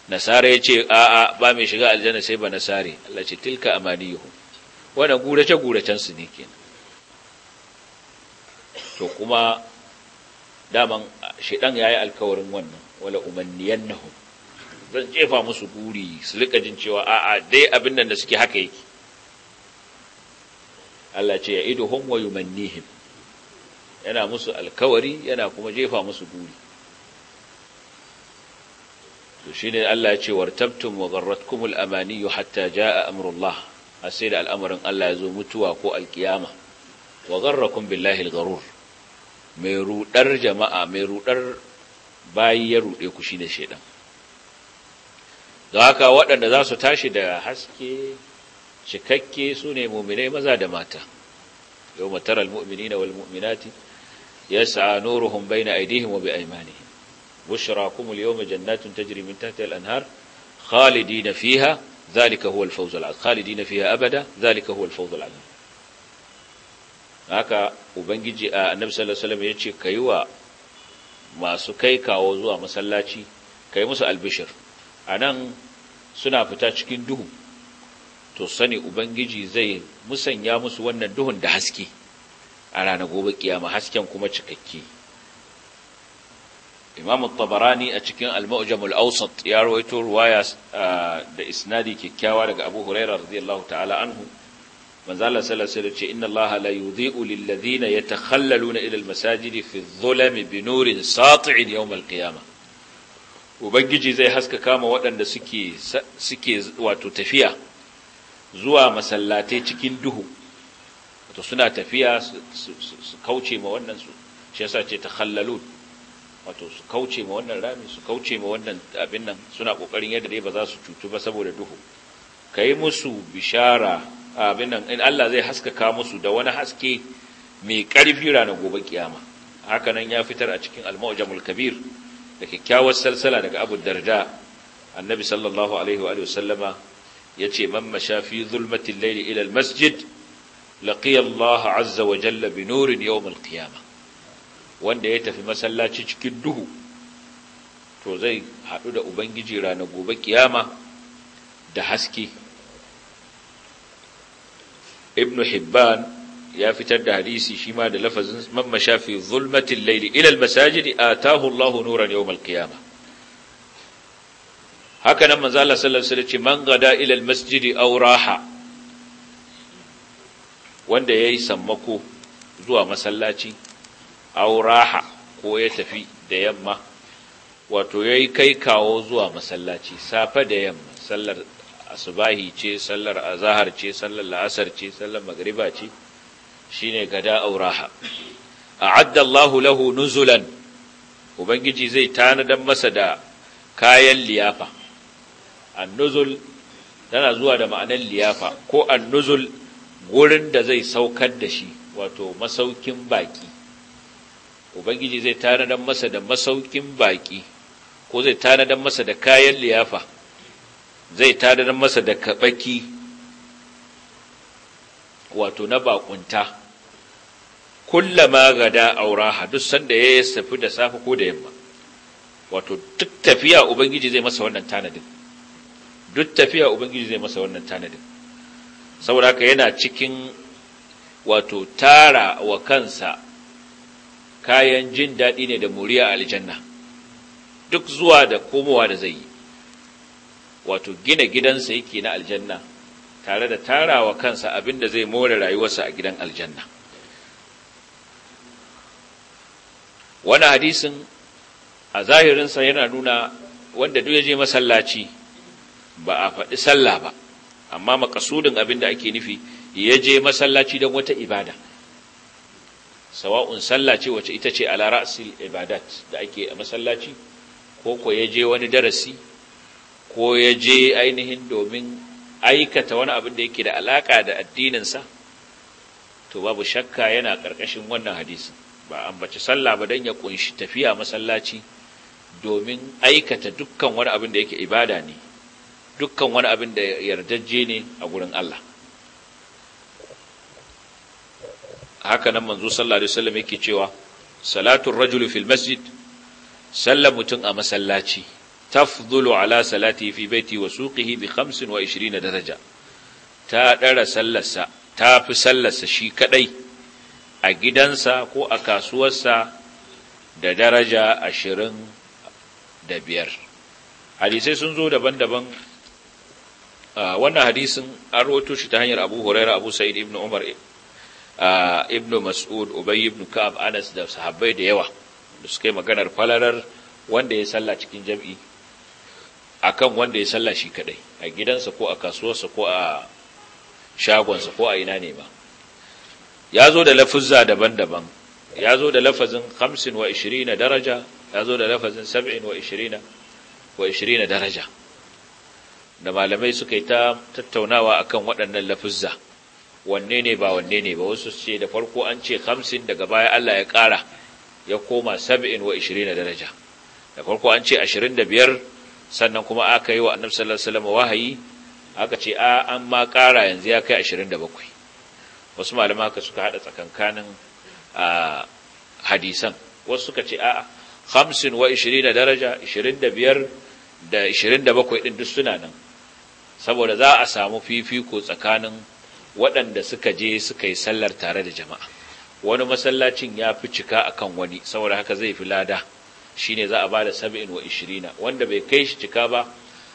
nasara yace a a ba mai shiga aljanna sai ba nasare Allah ce tilka gurace guracen su ne kenan kuma daman shaidan ya yi alkawarin wannan wala umanniyannahum zan jefa musu guri su rika jin cewa a'a dai abin nan da suke haka yake Allah ce ya iduhum wa yumannihim yana musu alkawari yana kuma jefa musu guri to shine Allah ya ce wartabtum wa gharratkumul amaniyu hatta jaa amrullah sai da al'amarin Allah ya zo mutuwa ko alkiyama wa gharrakum billahi algharur mai rudar jama'a mai rudar bayi ya rude ku shine shedan don haka waɗanda za su tashi da haske cikakke su ne muminai maza da mata yau matar al-mu'mini na wal-mu'minati ya sa'a nuruhun bai na aidihim wa bi aimanihim bushra kumul yau majannatun ta jirimin tahta al'anhar khalidi na fiha zalika huwa al-fawzul khalidi na fiha abada zalika huwa al-fawzul azim haka ubangiji a annabi sallallahu alaihi wasallam yace kai wa masu kai kawo zuwa masallaci kai musu albishir anan suna fita cikin duhu to sani ubangiji zai musanya musu wannan duhun da haske a ranar gobe kiyama hasken kuma cikakke imam tabarani a cikin al al awsat ya rawaito ruwaya da isnadi kikkiawa daga abu hurairah radiyallahu ta'ala anhu manzala sallallahu alaihi ce inna allaha la yudhi'u lil ladina yatakhallaluna ila al masajidi fi dhulami bi nurin sati'in yawm al qiyamah ubangiji zai haska kama waɗanda suke suke wato tafiya zuwa masallatai cikin duhu wato suna tafiya su kauce ma wannan su shi yasa ce takhallalun wato su kauce ma wannan rami su kauce ma wannan abin nan suna kokarin yadda dai ba za su cutu ba saboda duhu kai musu bishara abin nan in Allah zai haskaka musu da wani haske mai ƙarfi rana gobe kiyama haka nan ya fitar a cikin al-mu'jamul kabir da kyakkyawar salsala daga Abu Darda annabi sallallahu alaihi wa alihi sallama yace man masha fi zulmatil layli ila al-masjid laqiya Allah azza wa jalla bi nurin yawm al-qiyama wanda ya tafi masallaci cikin duhu to zai haɗu da ubangiji ranar gobe kiyama da haske ibnu hibban ya fitar da hadisi shi ma da lafazin man masha fi laili ilal ila al masajidi atahu Allahu nuran yawm al qiyamah haka nan manzo Allah sallallahu alaihi wasallam ce man gada ila masjidi aw raha wanda yayi sammako zuwa masallaci aw raha ko ya tafi da yamma wato yayi kai kawo zuwa masallaci safa da yamma sallar asubahi ce sallar azahar ce sallar la'asar ce sallar magriba ce shine gada auraha a'adda Allahu lahu nuzulan ubangiji zai tanadan masa da kayan liyafa annuzul tana zuwa da ma'anar liyafa ko annuzul gurin da zai saukar da shi wato masaukin baki ubangiji zai tanadan masa da masaukin baki ko zai tanadan masa da kayan liyafa zai tadar masa da kaɓaki wato na bakunta ma gada auraha duk sanda ya safi da safi ko da yamma wato duk tafiya ubangiji zai masa wannan tanadin duk tafiya ubangiji zai masa wannan tanadin saboda haka yana cikin wato tara wa kansa kayan jin daɗi ne da muriya a aljanna duk zuwa da komowa da zai yi wato gina gidansa yake na aljanna tare da tarawa kansa abin da zai more rayuwarsa a gidan aljanna wani hadisin a zahirinsa yana nuna wanda duk ya masallaci ba a faɗi sallah ba amma makasudin abin da ake nufi yaje masallaci don wata ibada sawa'un sallaci ce wacce ita ce ala ra'sil ibadat da ake a masallaci ko ko ya je wani darasi ko ya je ainihin domin aikata wani abin da yake da alaka da addininsa to babu shakka yana ƙarƙashin wannan hadisi ba bace sallah ba don ya kunshi tafiya masallaci domin aikata dukkan wani abin da yake ibada ne dukkan wani abin da yardajje ne a gurin Allah haka nan manzo sallallahu alaihi wasallam yake cewa salatul rajuli fil masjid sallar mutum a masallaci tafdulu ala salati fi baiti wa suqihi bi 25 daraja ta dara sallarsa ta fi sallarsa shi kadai a gidansa ko a kasuwarsa da daraja 25 hadisai sun zo daban-daban wannan hadisin an rawaito shi ta hanyar Abu Huraira Abu Sa'id ibn Umar ibn Mas'ud Ubay ibn Ka'ab Anas da sahabbai da yawa da suka yi maganar falalar wanda ya sallah cikin jam'i akan wanda ya sallah shi kadai a gidansa ko a kasuwarsa ko a shagonsa ko a ina ne ba ya zo da lafuzza daban-daban ya zo da lafazin 25 daraja ya zo da lafazin 27 wa 20 daraja da malamai suka yi ta tattaunawa akan waɗannan lafuzza wanne ne ba wanne ne ba wasu ce da farko an ce 50 daga baya Allah ya ƙara ya koma 27 daraja da farko an ce 25 sannan kuma aka yi wa annabi sallallahu alaihi wasallam wahayi aka ce a an ma ƙara yanzu ya kai 27 wasu malama ka suka hada tsakankanin hadisan wasu suka ce a 25 daraja 25 da 27 din duk suna nan saboda za a samu fifiko tsakanin waɗanda suka je suka yi sallar tare da jama'a wani masallacin ya fi cika akan wani saboda haka zai fi lada shine za a bada 27 wanda bai kai shi cika ba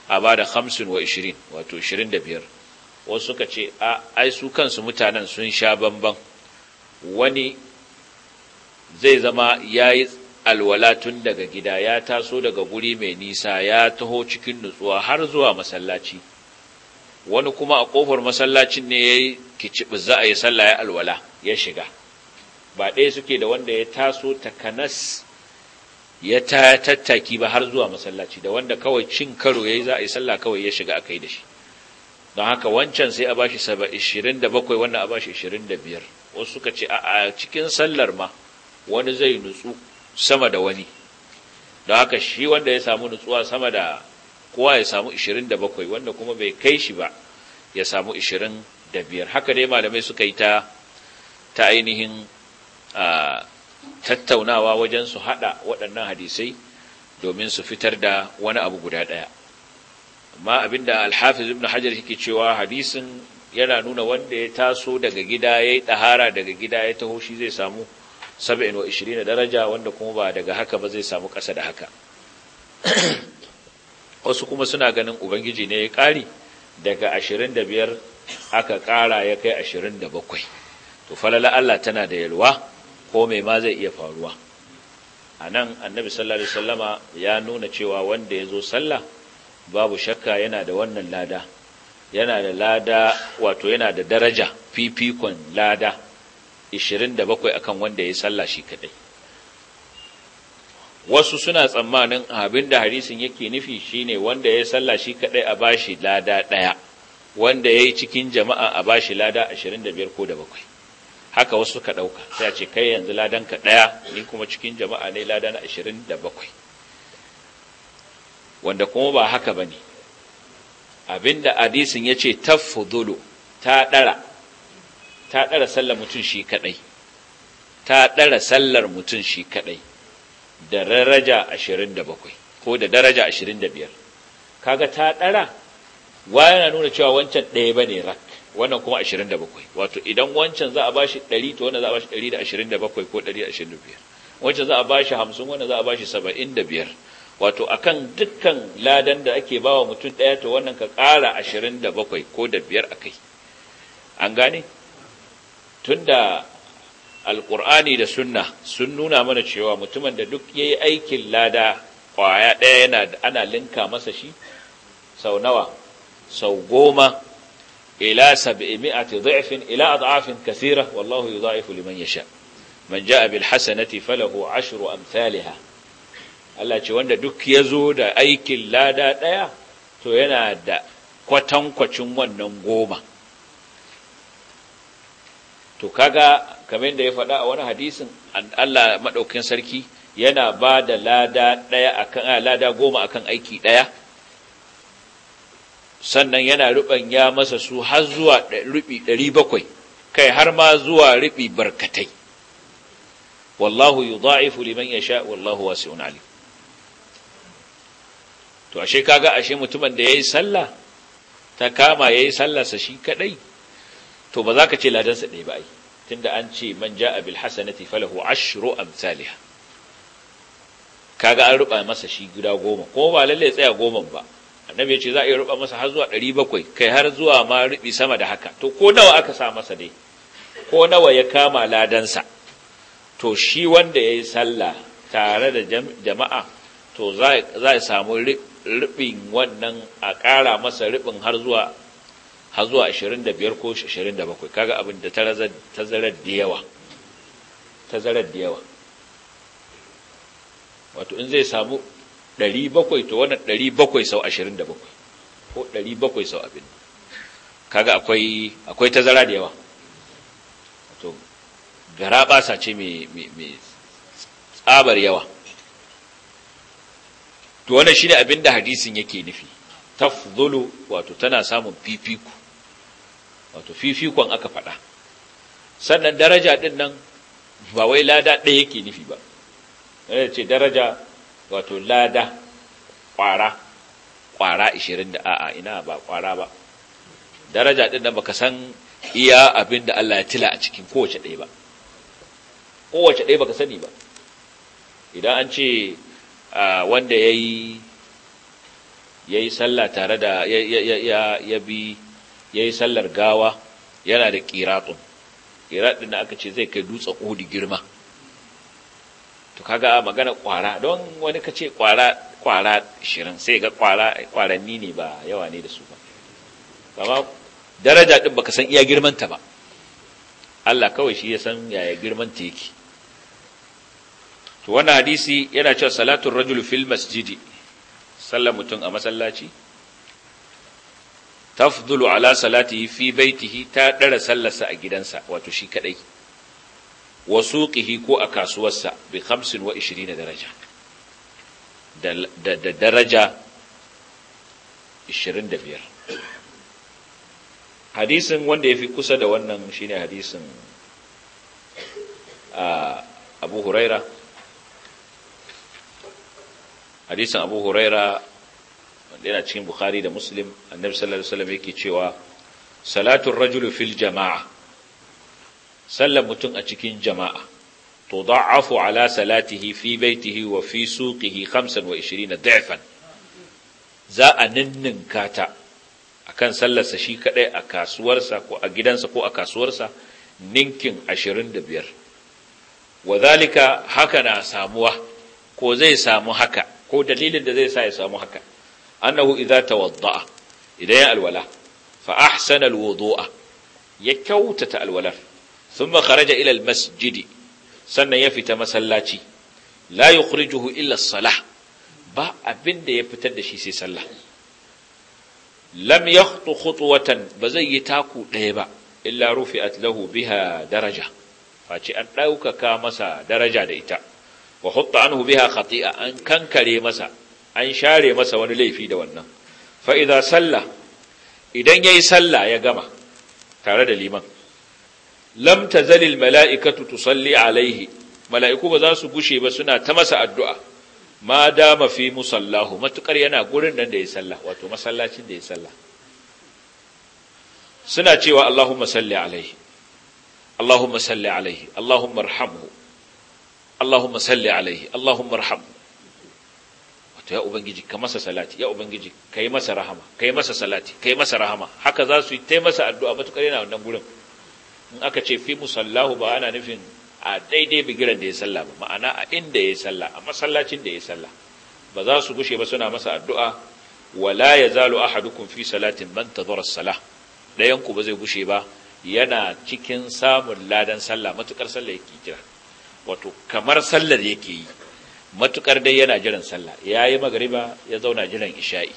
a bada 25 wato 25 wasu suka ce a ai su kansu mutanen sun sha bamban wani zai zama yayi alwala tun daga gida ya taso daga guri mai nisa ya taho cikin nutsuwa har zuwa masallaci wani kuma a kofar masallacin ne yayi kicibi za a yi sallah ya alwala ya shiga ba ɗaya suke da wanda ya taso takanas ya ta tattaki ba har zuwa masallaci da wanda kawai cin karo yayi za a yi sallah kawai ya shiga akai da shi don haka wancan sai a bashi 27 wannan a bashi 25 wasu suka ce a cikin sallar ma wani zai nutsu sama da wani don haka shi wanda ya samu nutsuwa sama da kowa ya samu 27 wanda kuma bai kai shi ba ya samu 25 haka dai malamai suka yi ta ta ainihin ah, tattaunawa wajen su haɗa waɗannan hadisai domin su fitar da wani abu guda ɗaya amma abinda alhafiz ibn hajar yake cewa hadisin yana nuna wanda ya taso daga gida ya yi ɗahara daga gida ya taho shi zai samu 27 daraja wanda kuma ba daga haka ba zai samu ƙasa da haka wasu kuma suna ganin ubangiji ne ya ƙari daga 25 aka ƙara ya kai 27 to falala Allah tana da yalwa ko mai ma zai iya faruwa a nan annabi sallallahu alaihi wasallama ya nuna cewa wanda ya zo sallah babu shakka yana da wannan lada yana da lada wato yana da daraja fifikon lada 27 akan wanda ya sallah shi kadai wasu suna tsammanin abinda hadisin yake nufi shine wanda ya sallah shi kadai a bashi lada daya wanda yayi cikin jama'a a bashi lada 25 ko da bakwai haka wasu suka ɗauka sai a ce kai yanzu ladan ka ɗaya ni kuma cikin jama'a ne ladan ashirin da bakwai wanda kuma ba haka ba ne abinda hadisin ya ce ta fudulu ta ɗara ta sallar mutum shi kaɗai ta ɗara sallar mutum shi kaɗai da daraja ashirin da bakwai ko da daraja ashirin da biyar kaga ta ɗara wa yana nuna cewa wancan ɗaya ba rak wannan kuma 27 wato idan wancan za a bashi 100 to wannan za a bashi 127 ko 125 wancan za a bashi 50 wannan za a bashi 75 wato akan dukkan ladan da ake bawa mutum daya to wannan ka ƙara 27 ko da biyar akai an gane tunda alqur'ani da sunna sun nuna mana cewa mutumin da duk yayi aikin lada kwaya daya yana ana linka masa shi sau nawa sau goma ila sab'imi'ati dha'fin ila ad'afin kasira. wallahu yudha'ifu liman yasha man ja'a bil hasanati falahu ashru amsalha Allah ce wanda duk zo da aikin lada ɗaya to yana da kwatankwacin wannan goma to kaga kamar da ya faɗa a wani hadisin Allah madaukakin sarki yana ba da lada goma akan aiki ɗaya sannan yana ruɓanya masa su har zuwa ruɓi ɗari bakwai kai har ma zuwa ruɓi barkatai wallahu yudha'ifu liman sha. wallahu wasi'un alim to ashe kaga ashe mutumin da ya yi sallah ta kama yayi sallah sa shi kaɗai? to ba za ka ce ladansa sa ba ai tunda an ce man ja'a bil hasanati falahu ashru amsalha kaga an ruɓa masa shi guda goma ko ba lallai tsaya goman ba annabi ya ce za a iya ruba masa har zuwa 700 kai har zuwa ma rubi sama da haka to ko nawa aka sa masa dai ko nawa ya kama ladansa to shi wanda ya yi sallah tare da jama'a to za a samu rubin wannan a ƙara masa rubin har zuwa har zuwa 25 ko 27 kaga abin da zarar da yawa zarar da yawa wato in zai samu 700 to wannan 700 sau 27 ko 700 sau abin kaga akwai akwai tazara da yawa to gara basa ce mai tsabar yawa to wannan shine abin da hadisin yake nufi tafdhulu wato tana samun fifiku wato fifikon aka faɗa sannan daraja din nan ba wai lada ɗaya yake nufi ba eh, ce daraja wato lada kwara kwara 20 da a'a ina ba kwara ba daraja din nan baka san iya abin Allah ya tila a cikin kowace ɗaya ba kowace ɗaya baka sani ba idan an ce wanda yayi yayi sallah tare da ya bi yayi sallar gawa yana da qiratun Kiratun da aka ce zai kai dutsen udi girma to kaga magana kwara don wani ka ce kwara kwara shirin sai ga kwara kwaranni ne ba yawa ne da su ba amma daraja din baka san iya girman ta ba Allah kawai shi ya san yaya girman ta yake to wannan hadisi yana cewa salatul rajul fil masjidi sallar mutum a masallaci tafdulu ala salatihi fi baitihi ta dara sallarsa a gidansa wato shi kadai wa suqihi ko a kasuwarsa bi 25 daraja da da daraja 25 hadisin wanda ya fi kusa da wannan shine hadisin Abu Huraira hadisin Abu Huraira wanda yana cikin Bukhari da Muslim annabi sallallahu alaihi wasallam yake cewa salatul rajulu fil jama'a sallar mutum a cikin jama'a to da'afu ala salatihi fi baitihi wa fi ishirin na da'fan za a ninninka ta kan sallarsa shi kadai a kasuwarsa ko a gidansa ko a kasuwarsa ninkin 25 wa zalika haka na samuwa ko zai samu haka ko dalilin da zai sa ya samu haka annahu idza tawadda'a idan ya alwala fa ahsana alwudu'a ya kyautata alwalar sun kharaja ilal masjidi sannan ya fita masallaci la yi illa as-salah ba abin da ya fitar da shi sai sallah lam yakhtu watan, ba zai yi taku ɗaya ba illa rufi lahu biha daraja face an ɗaukaka masa daraja da ita wa hutta anhu biha khati'a an kankare masa an share masa wani laifi da wannan fa sallah, idan idan yayi sallah ya gama tare da liman lam tazalil mala'ikatu tu salli alaihi mala'iku ba za su gushe ba suna ta masa addu'a ma dama fi musallahu Matuƙar yana gurin nan da ya sallah wato masallacin da ya sallah suna cewa Allahumma salli alaihi Allahumma salli alaihi Allahumma arhamhu Allahumma salli alaihi Allahumma arhamhu wato ya ubangiji ka masa salati ya ubangiji ka yi masa rahama Ka yi masa salati Ka yi masa rahama haka za su yi ta masa addu'a matuƙar yana wannan gurin in aka ce fi musallahu ba ana nufin a daidai bigiran da ya salla ba ma'ana a inda ya salla, a masallacin da ya salla, ba za su gushe ba suna masa addu'a wala ya yazalu ahadukum fi salatin man tadhara salah dayan ku ba zai gushe ba yana cikin samun ladan salla. matukar salla yake jira wato kamar sallar yake yi matukar dai yana jiran salla yayi magriba ya zauna jiran isha'i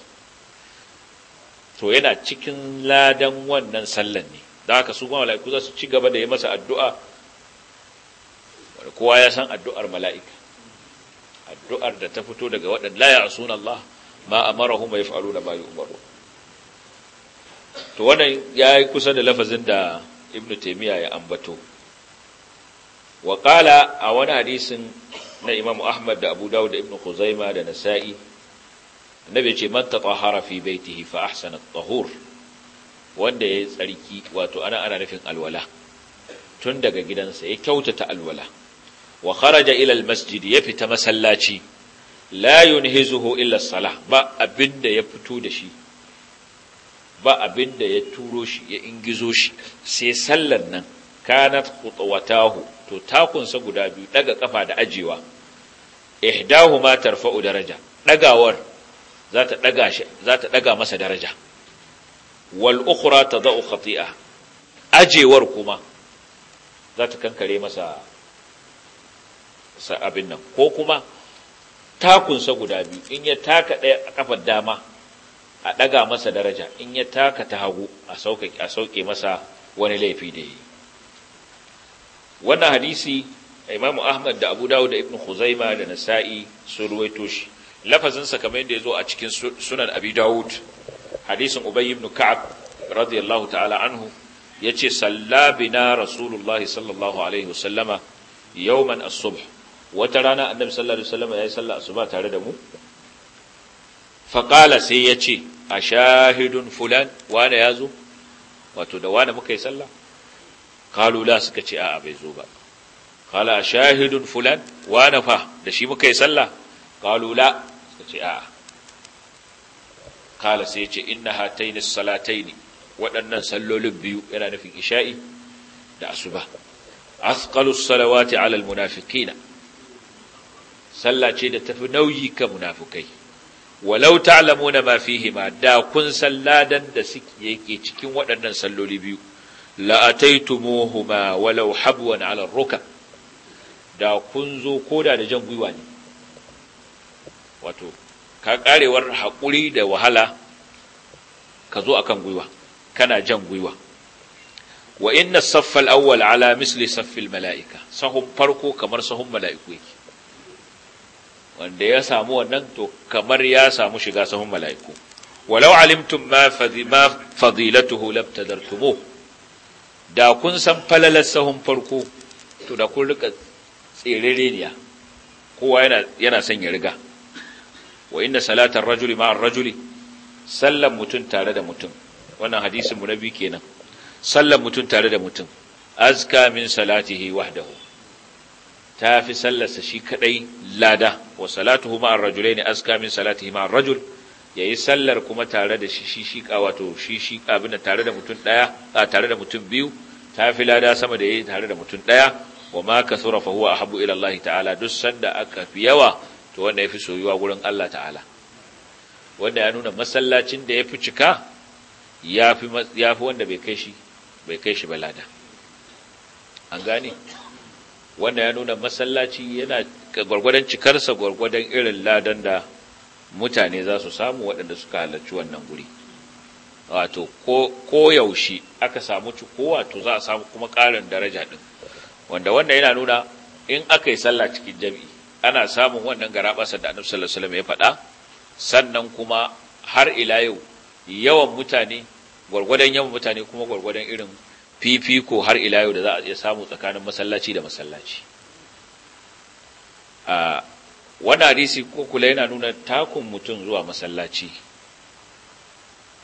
to yana cikin ladan wannan sallan ne da haka su mala'iku za su ci gaba da yi masa addu'a kowa ya san addu'ar mala'ika addu'ar da ta fito daga waɗanda la ya'sun Allah ma amarahum wa yaf'aluna ma umaru. to wannan yi kusa da lafazin da Ibn Taimiyya ya ambato Waƙala, a wani hadisin na Imam Ahmad da Abu Dawud da Ibn Kuzaima da Nasa'i annabi ya ce man tatahhara fi baitihi fa ahsana tahur wanda ya yi tsarki wato ana ana nufin alwala tun daga gidansa ya kyautata alwala wa kharaja ila almasjid ya fita masallaci la yunhizuhu illa salah ba abinda ya fito da shi ba abinda ya turo shi ya ingizo shi sai sallan nan kanat qutwatahu to takunsa guda biyu daga kafa da ajewa ma tarfa'u daraja dagawar za ta daga shi za ta daga masa daraja wal ukhra tadau khati'a ajewar kuma za ta kankare masa sa abin nan ko kuma takunsa guda biyu in ya taka ɗaya a kafar dama a ɗaga masa daraja in ya taka ta hagu a sauƙe masa wani laifi da yi wannan hadisi Imam Ahmad da Abu Dawud da Ibn Khuzaima da Nasa'i sun ruwaito shi lafazin sa kamar yadda yazo a cikin Sunan Abi Dawud hadisin ubay ibn ka'ab radiyallahu ta'ala anhu yace sallabina rasulullah sallallahu alaihi wasallama yawman as wata rana annabi sallallahu alaihi wasallama yayi sallah asuba tare da mu fa qala sai yace ashahidun fulan wanda yazo wato da wanda muka yi sallah qalu suka ce a'a bai zo ba qala ashahidun fulan wanda fa da shi muka yi suka ce a'a kala sai ce inna hataini ne waɗannan sallolin biyu yana nufin isha'i da asuba athqalu salawati ala almunafiqina sallah ce da tafi nauyi ka munafikai walau ta'lamuna ma fihi ma da kun salladan da suke yake cikin waɗannan salloli biyu la ataitumuhuma walau habwan ala ruka da kun zo koda da jan gwiwa ne wato ka karewar haƙuri da wahala ka zo akan gwiwa kana jan gwiwa wa inna saffal awwal ala misli saffil mala'ika sahun farko kamar sahun mala'iku yake wanda ya samu wannan to kamar ya samu shiga sahun mala'iku walau alimtum ma fadilatuhu labtadartumuh da kun san falalar sahun farko to da kun rika tserereniya kowa yana yana son ya riga wa inna salatar rajuli ma'ar rajuli sallan mutum tare da mutum wannan hadisin mu nabi kenan sallan mutum tare da mutum azka min salatihi wahdahu ta fi sallarsa shi kadai lada wa salatuhu ma'ar rajulaini azka min salatihi ma'ar rajul yayi sallar kuma tare da shi shi shika wato shi shi abin tare da mutum daya a tare da mutum biyu ta fi lada sama da yayi tare da mutum daya wa ma kasura fa huwa ahabu ila Allah ta'ala duk sanda aka fi yawa to wanda ya fi soyuwa wurin Allah ta'ala wanda ya nuna masallacin da ya fi cika ya fi wanda bai kai shi bai kai shi balada an gane wanda ya nuna masallaci yana gwargwadon cikarsa gwargwadon irin ladan da mutane za su samu waɗanda suka halarci wannan guri wato ko yaushe aka samu ko to za a samu kuma ƙarin daraja ɗin wanda wanda yana nuna in aka yi sallah cikin jami'i ana samun wannan garabasa da annabi sallallahu alaihi wasallam ya faɗa sannan kuma har ila yau yawan mutane gurgurdan yawan mutane kuma gurgurdan irin fifiko har ila yau da za a iya samu tsakanin masallaci da masallaci a wannan hadisi ko kula yana nuna takun mutum zuwa masallaci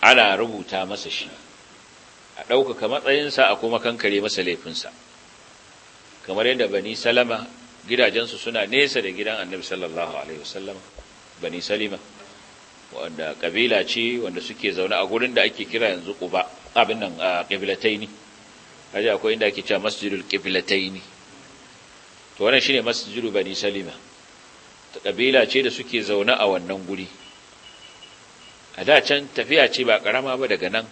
ana rubuta masa shi a ɗaukaka matsayinsa a kuma kankare masa laifinsa kamar yadda bani salama gidajensu suna nesa da gidan annabi sallallahu alaihi wasallam bani salima wanda kabila ce wanda suke zaune a gurin da ake kira yanzu quba abin nan qiblataini kaje akwai inda ake cewa masjidul qiblataini to wannan shine masjidul bani salima ta kabila ce da suke zaune a wannan guri a da can tafiya ce ba karama ba daga nan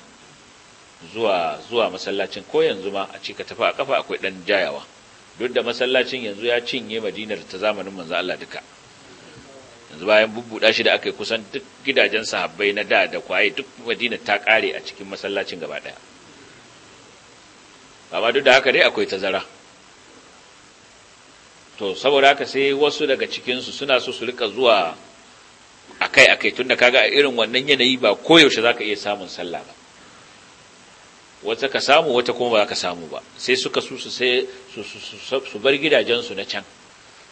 zuwa zuwa masallacin ko yanzu ma a ce ka tafi a kafa akwai dan jayawa duk da masallacin yanzu ya cinye madinar ta zamanin manzo Allah duka yanzu bayan bubbuda shi da aka yi kusan duk gidajen sahabbai na da da kwaye duk madinar ta kare a cikin masallacin gaba daya amma duk da haka dai akwai tazara to saboda haka sai wasu daga cikin su suna so su rika zuwa akai-akai tunda kaga a irin wannan yanayi ba koyaushe zaka iya samun sallah ba wata ka samu wata kuma ba ka samu ba sai suka su su sai su bar gidajensu na can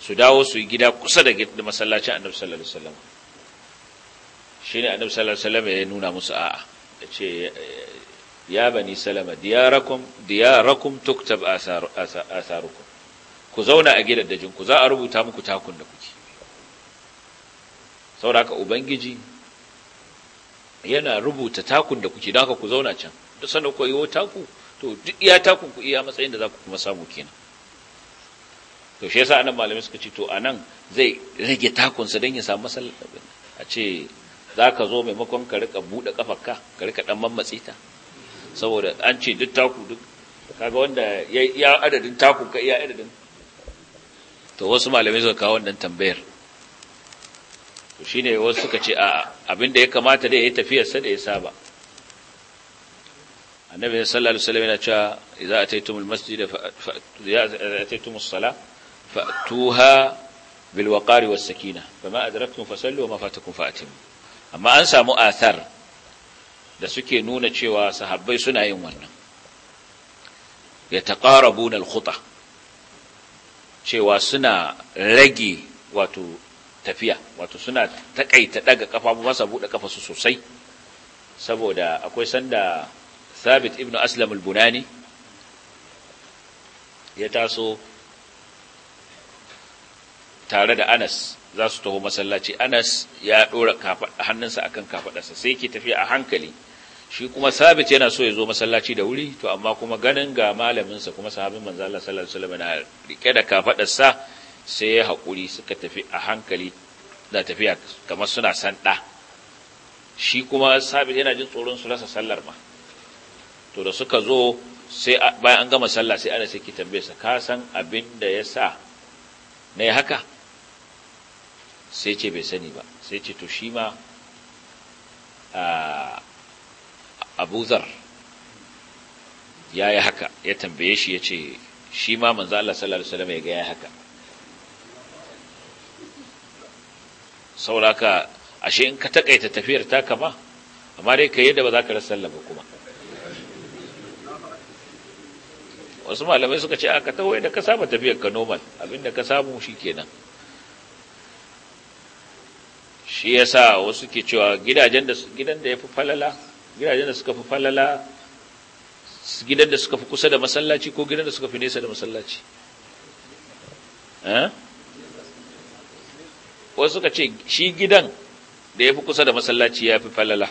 su dawo su gida kusa da masallacin annabi sallallahu alaihi wasallam shine annabi sallallahu alaihi wasallam ya nuna musu a'a ce ya bani salama diyarakum diyarakum tuktab asarukum ku zauna a gidajen ku za a rubuta muku takun da kuke saboda haka ubangiji yana rubuta takun da kuke don haka ku zauna can sanar ku yiwo taku to duk iya taku ku iya matsayin da za ku kuma samu kenan to shi yasa anan malamai suka ce to anan zai rage takunsa don ya samu masallaci a ce za ka zo maimakon ka rika buɗe kafarka ka rika ɗan mammatsi ta saboda an ce duk taku duk kaga wanda ya iya adadin taku ka iya adadin to wasu malamai suka kawo wannan tambayar to shine wasu suka ce a abin da ya kamata da ya tafiyar sa da ya saba annabi sallallahu alaihi wasallam yana cewa idza ataytumul masjid fa ataytumus sala tuha bil waqari was sakina fama adraktum fasallu wa ma fatakum fa'tim amma an samu athar da suke nuna cewa sahabbai suna yin wannan yataqarabuna al khuta cewa suna rage wato tafiya wato suna takaita daga kafa masa sa bude kafa su sosai saboda akwai sanda thabit ibnu aslam bunani ya taso tare da anas za su taho masallaci anas ya dora hannunsa akan kafaɗarsa, sai yake tafiya a hankali shi kuma sabit yana so ya zo masallaci da wuri to amma kuma ganin ga malaminsa kuma sahabin manzo Allah sallallahu alaihi wasallam na rike da kafadarsa sai ya haƙuri suka tafi a hankali da tafiya kamar suna san ɗa shi kuma sabit yana jin tsoron su rasa sallar ma to da suka zo sai bayan an gama sallah sai ana sai ki tambaye sa ka san abin da ya sa na yi haka sai ce bai sani ba sai ce to shi ma abuzar ya yi haka ya tambaye shi ya ce shi ma manzo Allah sallallahu alaihi wasallam ya ga ya haka sauraka ashe in ka takaita tafiyar ta kama amma dai ka yadda ba za ka rasa sallah ba kuma wasu malamai suka ce aka tawaye da ka saba tafiyar ka normal abinda ka samu shi kenan shi yasa wasu ke cewa gidajen da gidan da yafi falala gidajen da suka fi falala gidan da suka fi kusa da masallaci ko gidan da suka fi nesa da masallaci eh wasu suka ce shi gidan da yafi kusa da masallaci yafi falala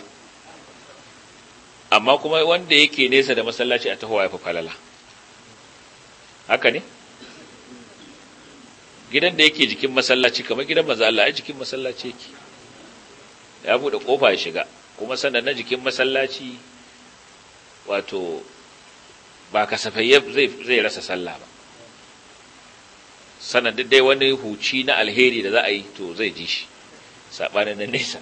amma kuma wanda yake nesa da masallaci a tahowa yafi falala haka ne gidan da yake jikin masallaci kamar gidan manzo Allah a jikin masallaci yake ya bude kofa ya shiga kuma sannan na jikin masallaci wato ba kasafai zai rasa sallah ba sannan dai wani huci na alheri da za a yi to zai ji shi sabanin na nesa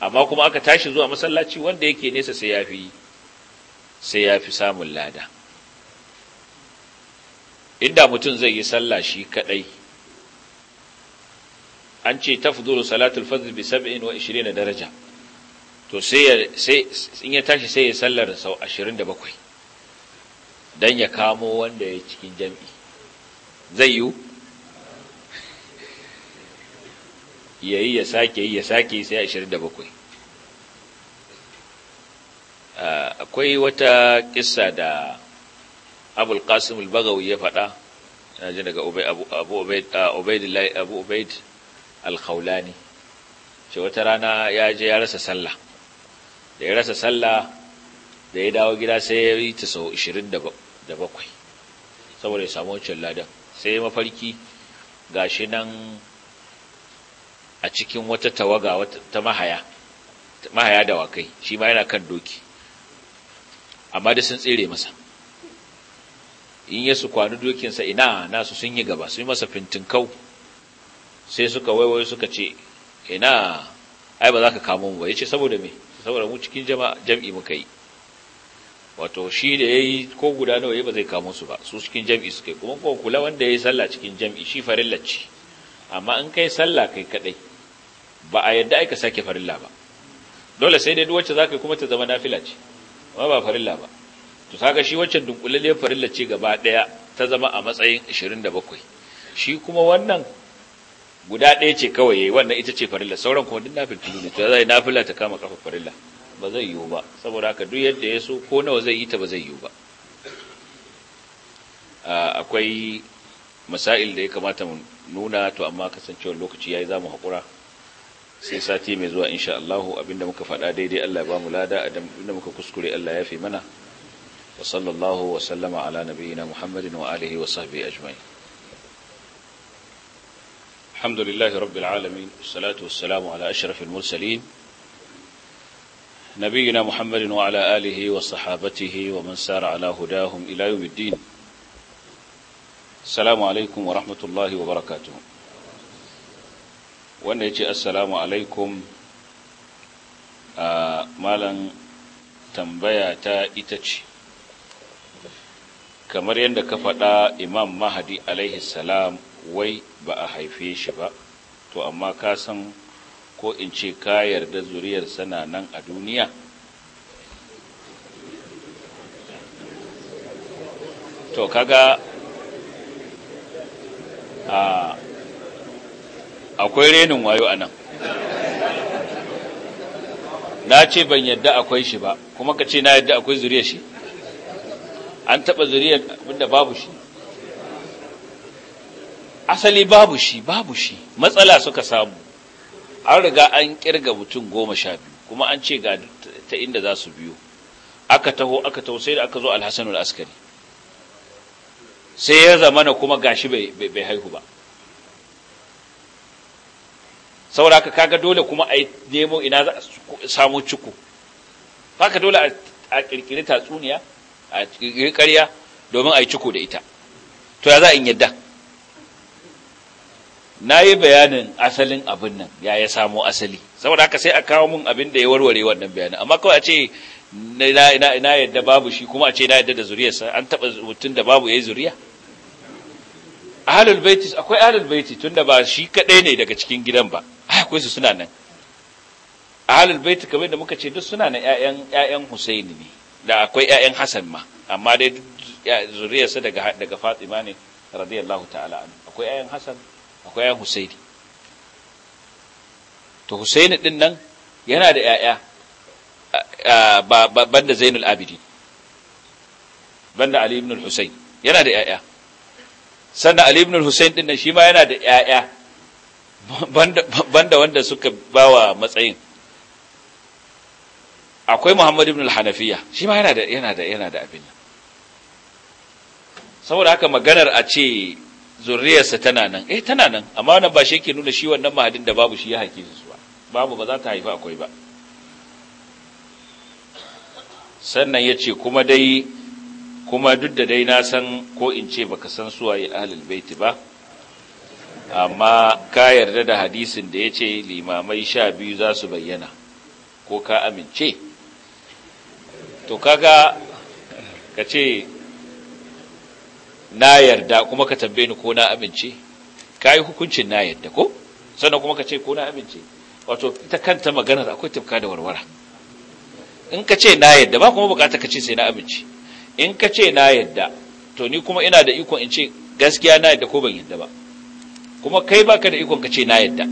amma kuma aka tashi zuwa masallaci wanda yake nesa sai yafi sai yafi samun lada inda mutum zai yi sallah shi kadai an ce tafdhulu salatul fajr bi 27 daraja to sai sai in ya tashi sai ya sallar sau 27 dan ya kamo wanda ya cikin jam'i. zai yi yayi ya sake yi ya sake sai 27 ah, akwai wata kissa da abul qasim al-bagawi ya faɗa yana ji daga abu ubaid abu ubaid ah, al-khawlani ce wata rana ya je ya rasa sallah da ya rasa sallah da ya dawo gida sai ya yi ta sau 27 saboda ya samu wancan ladan sai ya mafarki ga shi nan a cikin wata tawaga ta mahaya mahaya da wakai shi ma yana kan doki amma da sun tsere masa in ya su kwani sa ina nasu sun yi gaba sun yi masa fintinkau sai suka waiwai suka ce ina ai ba za ka kamo mu ba ya ce saboda me saboda mu cikin jam'i muka yi wato shi da ya yi ko guda nawa ya ba zai kamo su ba su cikin jam'i suka yi kuma ko kula wanda ya yi sallah cikin jam'i shi farilla ce amma in kai sallah kai kadai ba a yadda aika sake farilla ba dole sai dai duk wacce za ka yi kuma ta zama nafila ce amma ba farilla ba to kaga shi waccan dunkulalle farilla ce gaba daya ta zama a matsayin 27 shi kuma wannan guda ɗaya ce kawai yayi wannan ita ce farilla sauran kuma duk nafilu ne to zai nafila ta kama kafa farilla ba zai yiwu ba saboda haka duk yadda ya so ko nawa zai yi ta ba zai yiwu ba akwai masail da ya kamata mu nuna to amma kasancewar lokaci yayi zamu hakura sai sati mai zuwa insha Allah abinda muka faɗa daidai Allah ya ba mu lada abinda muka kuskure Allah ya fi mana وصلى الله وسلم على نبينا محمد وآله وصحبه أجمعين الحمد لله رب العالمين والصلاة والسلام على أشرف المرسلين نبينا محمد وعلى آله وصحابته ومن سار على هداهم إلى يوم الدين السلام عليكم ورحمة الله وبركاته wanda ya ce assalamu alaikum a malan tambaya ta ita ce kamar yadda ka faɗa imam mahadi alaihi salam wai ba a haife shi ba to amma ka san ko in ce ka yarda zuriyar sana nan a duniya to kaga a akwai renin wayo a nan na ce ban yadda akwai shi ba kuma ka ce na yadda akwai zuriyar shi an taɓa zuriyar abinda babu shi asali babu shi babu shi matsala suka samu an riga an kirga mutum goma sha biyu kuma an ce ga ta inda za su biyo aka taho aka taho sai da aka zo alhassanul askari sai ya zamana kuma gashi bai haihu ba saboda ka kaga dole kuma a nemo ina za a samu ciko haka dole a kirkiri tatsuniya a cikin ƙarya domin a yi ciko da ita to ya za in yadda na yi bayanin asalin abin nan ya ya samo asali saboda haka sai a kawo mun abin da ya warware wannan bayanin amma kawai a ce na yadda babu shi kuma a ce na yadda da zuriyarsa an taɓa mutum da babu ya yi zuriya ahalul baiti akwai ahalul baiti tun da ba shi kaɗai ne daga cikin gidan ba akwai su suna nan ahalul baiti kamar da muka ce duk suna na ƴaƴan Husaini ne da akwai 'ya'yan Hassan ma amma dai zuriyarsa daga daga Fatima ne radiyallahu ta'ala anhu akwai 'ya'yan Hassan akwai 'ya'yan Husaini to Husaini din nan yana da 'ya'ya ba banda Zainul Abidin banda Ali ibn al-Husayn yana da 'ya'ya. sannan Ali ibn al-Husayn din nan shi ma yana da 'ya'ya banda banda wanda suka bawa matsayin akwai Muhammad ibn al-Hanafiya shi ma yana da yana da yana da abin saboda haka maganar a ce zuriyarsa tana nan eh tana nan amma wannan ba shi yake nuna shi wannan mahadin da babu shi ya haike su ba babu ba za ta haifa akwai ba sannan yace kuma dai kuma duk da dai na san ko in ce baka san suwa ya ahlul baiti ba amma ka yarda da hadisin da yace limamai sha biyu za su bayyana ko ka amince to kaga ka ce na yarda kuma ka tambaye ni ko na amince ka yi hukuncin na yarda ko sannan kuma ka ce ko na amince wato ita kanta maganar akwai tafka da warwara in ka ce na yarda ba kuma bukata ka ce sai na amince in ka ce na yarda to ni kuma ina da ikon in ce gaskiya na yarda ko ban yarda ba kuma kai baka da ikon ka ce na yarda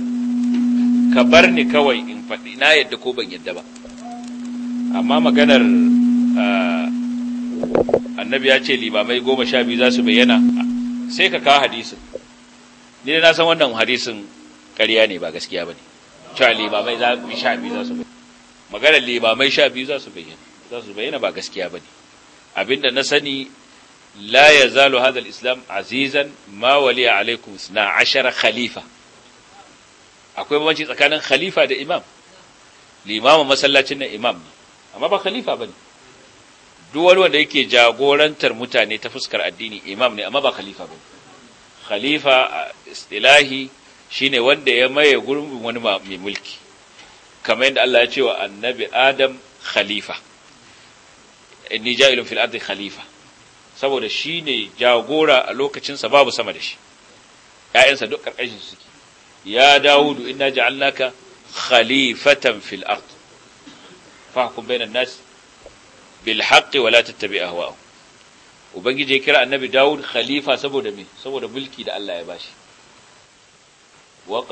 ka bar ni kawai in faɗi na yarda ko ban yarda ba amma maganar annabi ya ce limamai goma sha biyu za su bayyana sai ka kawo hadisin ni da na san wannan hadisin ƙarya ne ba gaskiya ba ne cewa limamai sha biyu za su bayyana maganar limamai sha biyu za su bayyana za su bayyana ba gaskiya ba ne abinda na sani la ya zalo hadal islam azizan ma waliya alaikum na ashara khalifa akwai bambanci tsakanin khalifa da imam limamin masallacin nan imam ne amma ba khalifa ba ne duk wani wanda yake jagorantar mutane ta fuskar addini imam ne amma ba khalifa ba khalifa istilahi shine wanda ya maye gurbin wani mai mulki kamar yadda Allah ya ce wa annabi adam khalifa inni ja'ilun fil ardi khalifa saboda shine jagora a lokacin sa babu sama da shi ƴaƴansa duk karkashin suke ya dawudu inna ja'alnaka khalifatan fil ard fahkum bainan nas bil haqqi wa la a ahwa'ahu ubangiji ya kira annabi Dawud khalifa saboda me saboda mulki da Allah ya bashi wa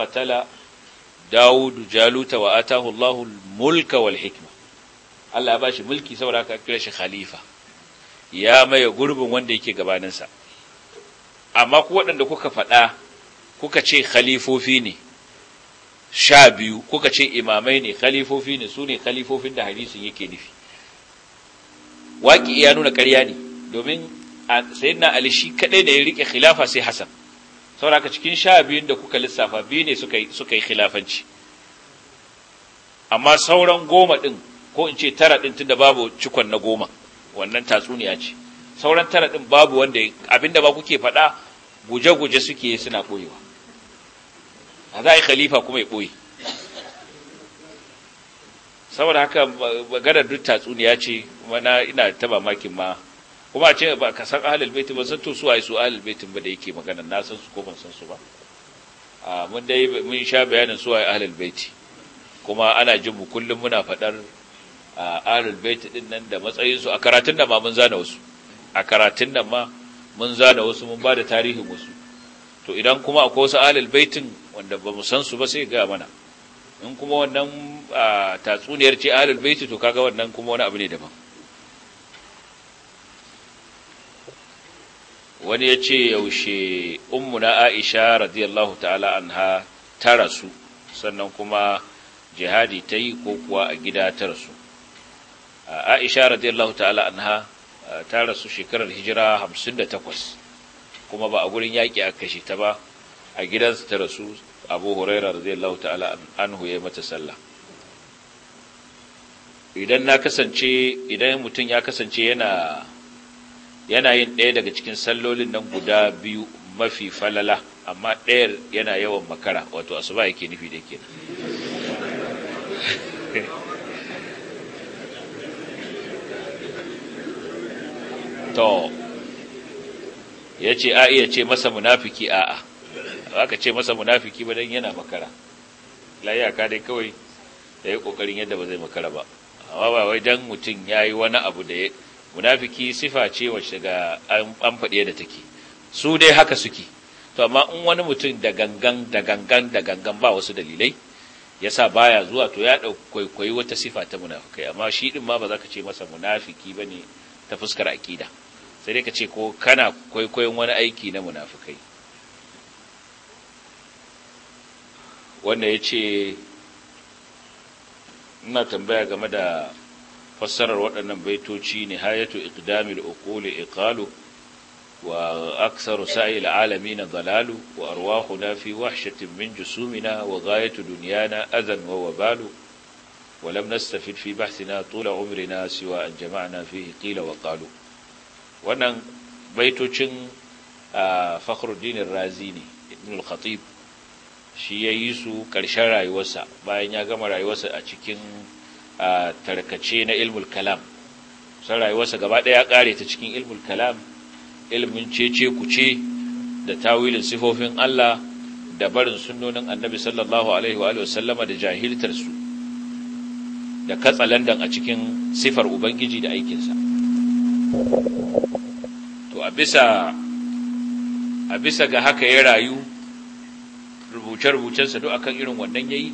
Dawud Jaluta wa atahu Allahu mulka wal hikma Allah ya bashi mulki saboda aka kira shi khalifa ya maye gurbin wanda yake gabaninsa amma ku waɗanda kuka faɗa kuka ce khalifofi ne sha biyu kuka ce imamai ne khalifofi ne su ne khalifofin da hadisin yake nufi waƙi ya nuna ƙarya ne domin a sayyidina ali shi kaɗai da ya riƙe khilafa sai hasan saboda cikin sha biyun da kuka lissafa biyu ne suka yi khilafanci amma sauran goma din ko in ce tara din tunda babu cikon na goma wannan tatsuniya ce sauran tara din babu wanda abinda ba kuke faɗa guje-guje suke suna ɓoyewa a za a yi khalifa kuma ya ɓoye saboda haka magana duk tatsuniya ce mana ina ta mamakin ma kuma ce ba ka san ahlul baiti ba san to su ai su ahlul baiti ba da yake magana na san su ko ban san su ba a mun dai mun sha bayanin su ai ahlul baiti kuma ana jin mu kullum muna fadar ahlul baiti din nan da matsayin su a karatun nan ma mun zana wasu a karatun nan ma mun zana wasu mun ba da tarihin wasu to idan kuma akwai wasu ahlul baitin wanda ba mu san su ba sai ga mana in kuma wannan tatsuniyar ce ahlul baiti to ga wannan kuma wani abu ne daban wani ya ce yaushe ummuna aisha radiyallahu ta'ala anha ta rasu sannan kuma jihadi ta yi ko kuwa a gida ta rasu aisha radiyallahu ta'ala anha ta rasu shekarar hijira hamsin da 58 kuma ba a gurin yaƙi a kashe ta ba a gidansa ta rasu abu huraira radiyallahu ta'ala anhu ya mata sallah idan na kasance idan mutum ya kasance yana yana yin ɗaya daga cikin sallolin nan guda biyu mafi falala amma ɗayar yana yawan makara wato asuba yake nufi da kenan to ya ce a iya ce masa munafiki a'a aka ce masa munafiki ba don yana makara layaka dai kawai da ya kokarin yadda ba zai makara ba amma ba wai dan mutum ya yi wani abu da munafiki sifa ce wacce daga an faɗe da take su dai haka suke to amma in wani mutum da gangan da gangan da gangan ba wasu dalilai ya yasa baya zuwa to ya kwaikwayi wata sifa ta munafikai amma shi din ma ba za ka ce masa munafiki ne ta fuskar aƙida sai dai ka ce ko kana kwaikwayon wani aiki na munafikai wanda ya ce ina tambaya game da fassarar waɗannan baitoci ne hayatu iqdamil uquli iqalu wa aktharu sa'il alamin dalalu wa arwahuna fi wahshatin min jusumina wa ghayatu dunyana adan wa wabalu wa lam nastafid fi bahthina tula umrina siwa an jama'na fihi qila wa qalu wannan baitocin fakhruddin razi ne ibn al-khatib shi ya yi su ƙarshen rayuwarsa bayan ya gama rayuwarsa a cikin tarkace na ilmul kalam sun rayuwarsa gaba ɗaya ya ƙare ta cikin ilmul kalam ilmin cece kuce da tawilin sifofin Allah da barin sunnonin annabi sallallahu alaihi wa sallama da jahiltarsu da katsalandan a cikin sifar ubangiji da aikinsa to a bisa ga haka ya rayu rubuce-rubucensa duk akan irin wannan yayi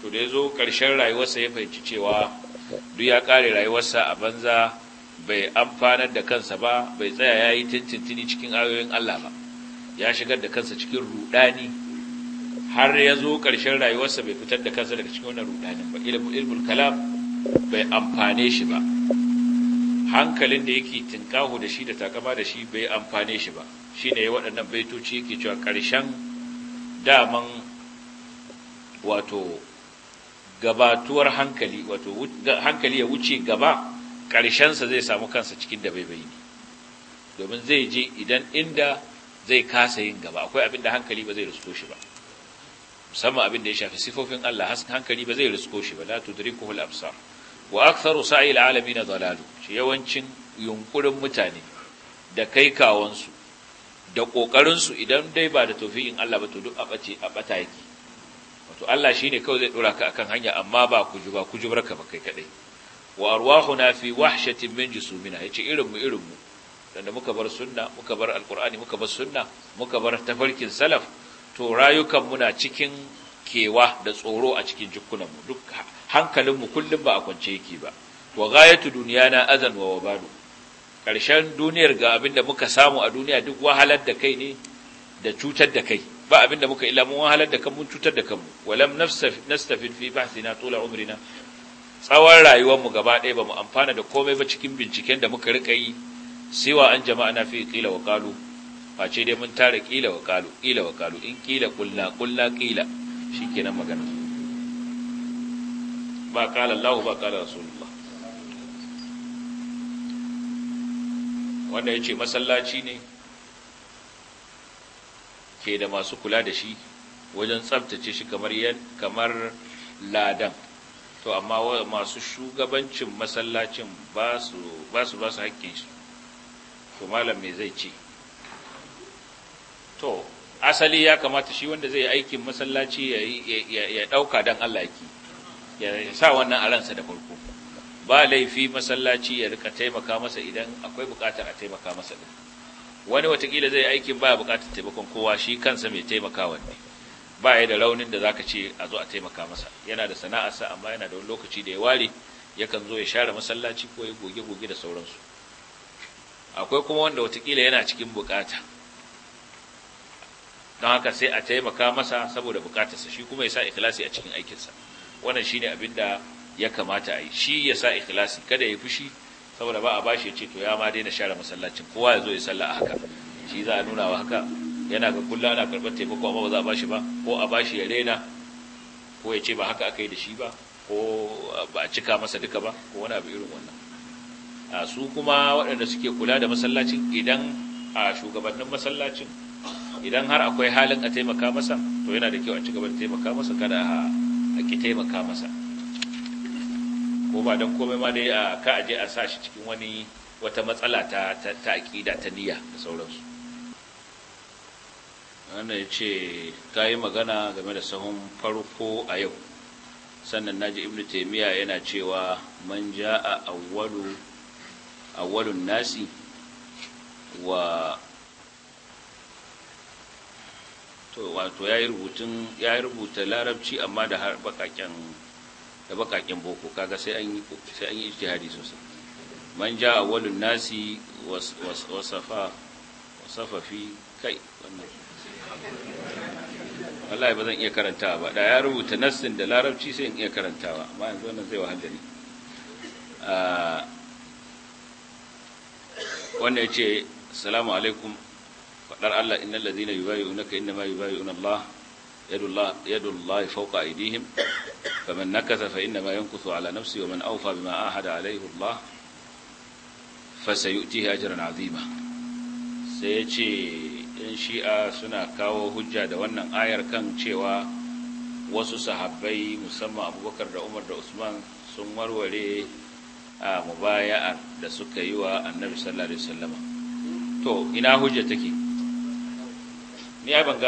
to da ya zo ƙarshen rayuwarsa ya fahimci cewa duk ya ƙare rayuwarsa a banza bai amfanar da kansa ba bai tsaya yayi yi tintintini cikin ayoyin Allah ba ya shigar da kansa cikin rudani har ya zo ƙarshen rayuwarsa bai fitar da kansa daga cikin wannan rudanin ba ilmul kalam bai amfane shi ba hankalin da yake tinkaho da shi da takama da shi bai amfane shi ba shine waɗannan baitoci yake cewa karshen daman wato gabatuwar hankali wato hankali ya wuce gaba ƙarshensa zai samu kansa cikin da bai ne domin zai je idan inda zai kasa yin gaba akwai abin da hankali ba zai rusko shi ba musamman abin da ya shafi sifofin Allah hankali ba zai rusko shi ba la tudrikuhu al-absar wa aktharu sa'il alamin dalalu shi yawancin yunkurin mutane da kai kawansu da ƙoƙarinsu idan dai ba da tofi'in Allah ba to duk a ɓace a ɓata yake wato Allah shine kawai zai ɗora ka akan hanya amma ba ku ji ba ku ji barka ba kai kaɗai wa arwahuna fi wahshatin min jusumina yace irin mu irin mu dan da muka bar sunna muka bar alqur'ani muka bar sunna muka bar tafarkin salaf to rayukan muna cikin kewa da tsoro a cikin jikunanmu mu duk hankalinmu kullum ba a kwance yake ba wa ghayatu dunyana azan wa Wabadu. ƙarshen duniyar ga abin da muka samu a duniya duk wahalar da kai ne da cutar da kai ba abin da muka ila mun wahalar da kan mun cutar da kanmu walam nastafid fi bahthina tula umrina tsawon rayuwarmu gaba ɗaya ba mu amfana da komai ba cikin binciken da muka rika yi siwa an jama'a na fi kila wa qalu face dai mun tare kila wa kalu kila wa kalu in kila kulla kulla kila shikenan magana ba kala Allah ba kala rasulullah wanda ya ce masallaci ne ke da masu kula da shi wajen tsabtace shi kamar kamar ladan to amma masu shugabancin masallacin ba su ba su haƙƙin shi to malam me zai ce to asali ya kamata shi wanda zai yi aikin masallaci ya ɗauka don Allah ya sa wannan a ransa da farko ba laifi masallaci ya rika taimaka masa idan akwai bukatar a taimaka masa din wani watakila zai aikin ba bukatar taimakon kowa shi kansa mai taimakawa ne ba ya da raunin da zaka ce a zo a taimaka masa yana da sana'arsa amma yana da lokaci da ya ware yakan zo ya share masallaci ko ya goge-goge da sauransu akwai kuma wanda watakila yana cikin bukata don haka sai a taimaka masa saboda bukatarsa shi kuma ya sa ikhlasi a cikin aikinsa wannan shine abin da ya kamata a yi shi ya sa ikhlasi kada ya fushi saboda ba a bashi ya ce to ya ma daina share masallacin kowa ya zo ya salla a haka shi za a nuna wa haka yana ga kulla ana karɓar taimako amma ba za a bashi ba ko a bashi ya rena ko ya ce ba haka aka yi da shi ba ko ba a cika masa duka ba ko wani abu irin wannan a su kuma waɗanda suke kula da masallacin idan a shugabannin masallacin idan har akwai halin a taimaka masa to yana da kyau a ci gaba da taimaka masa kada a ki taimaka masa ko ba don komai ma dai a ka aje a sa shi cikin wani wata matsala ta aƙida ta niyya da sauransu wannan ya ce ta yi magana game da sahun farko a yau sannan naji ibnu taimiyya yana cewa man ja a awwalun nasi wa to wato ya rubutun rubuta larabci amma da har bakaken da bakakin boko kaga sai an yi sai an yi ijtihadi sosai man ja awwalun nasi wasafa wasafa fi kai wannan wallahi ba zan iya karantawa ba da ya rubuta nassin da larabci sai in iya karantawa amma yanzu wannan zai wahala ne ah, wannan yace assalamu alaikum fadar Allah innal ladina yubayyi'unaka inma yubayyi'una Allah yadullah yadullahi fawqa aydihim faman nakasa fa innama yankusu ala nafsi wa man awfa bima ahada alayhi Allah fa sayutihi ajran azima sai ya ce in shi'a suna kawo hujja da wannan ayar kan cewa wasu sahabbai musamman Abubakar da Umar da Usman sun warware a mubaya'a da suka yi wa Annabi sallallahu alaihi to ina hujja take ni ai ban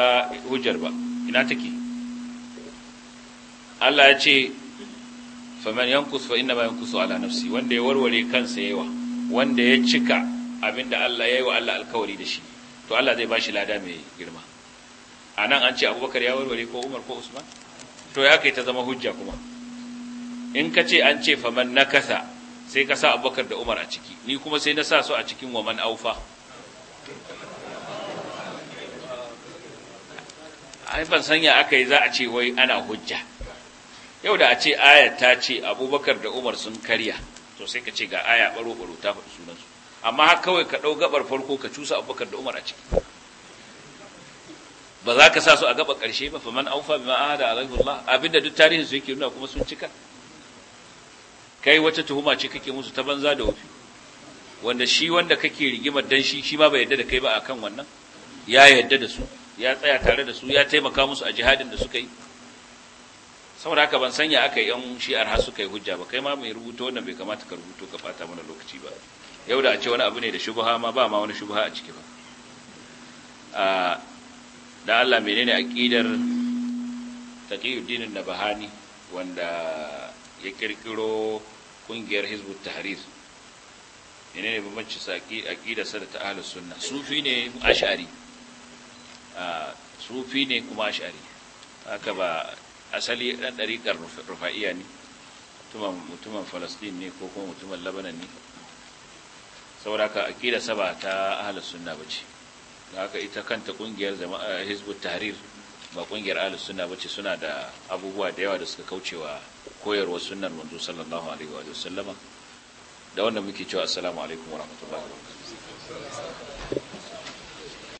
hujjar ba ina take Allah ya ce faman yankus fa inna ma yankusu ala nafsi wanda ya warware kansa yawa wanda ya cika abinda Allah ya yi wa Allah alkawari da shi to Allah zai bashi lada mai girma anan an ce Abubakar ya warware ko Umar ko Usman to ya kai ta zama hujja kuma in ka ce an ce faman nakasa sai ka sa Abubakar da Umar a ciki ni kuma sai na sa su a cikin waman aufa ai ban sanya aka yi za a ce wai ana hujja yau da a ce aya ta ce abubakar da umar sun karya to sai ka ce ga aya baro baro ta faɗi sunansu amma haka kawai ka ɗau gabar farko ka cusa abubakar da umar a ciki ba za ka sa su a gaba ƙarshe ba faman aufa bima ahada alaihi Allah abinda duk tarihin su yake nuna kuma sun cika kai wata tuhuma ce kake musu ta banza da wofi wanda shi wanda kake rigimar dan shi shi ma bai yadda da kai ba akan wannan ya yadda da su ya tsaya tare da su ya taimaka musu a jihadin da suka yi saboda haka ban sanya aka yan shi'ar har suka yi hujja ba kai ma mai rubuto wannan bai kamata ka rubuto ka fata mana lokaci ba yau da a ce wani abu ne da shubha ma ba ma wani shubha a ciki ba a da Allah menene aqidar taqiyuddin nabahani wanda ya kirkiro kungiyar hizbut tahrir menene bambanci saki aqida sa da ta ahlus sunna sufi ne ash'ari a sufi ne kuma ash'ari haka ba asali ɗan ɗariƙar rufa'iya ne mutumin falastin ne ko kuma mutumin labanan ne saboda haka aƙida saba ta ahalar suna bace. da haka ita kanta ƙungiyar hizbut tahrir ba ƙungiyar ahalar suna ba suna da abubuwa da yawa da suka kaucewa koyarwa sunan manzo sallallahu alaihi wa sallama da wanda muke cewa assalamu alaikum wa rahmatullahi wa barakatuh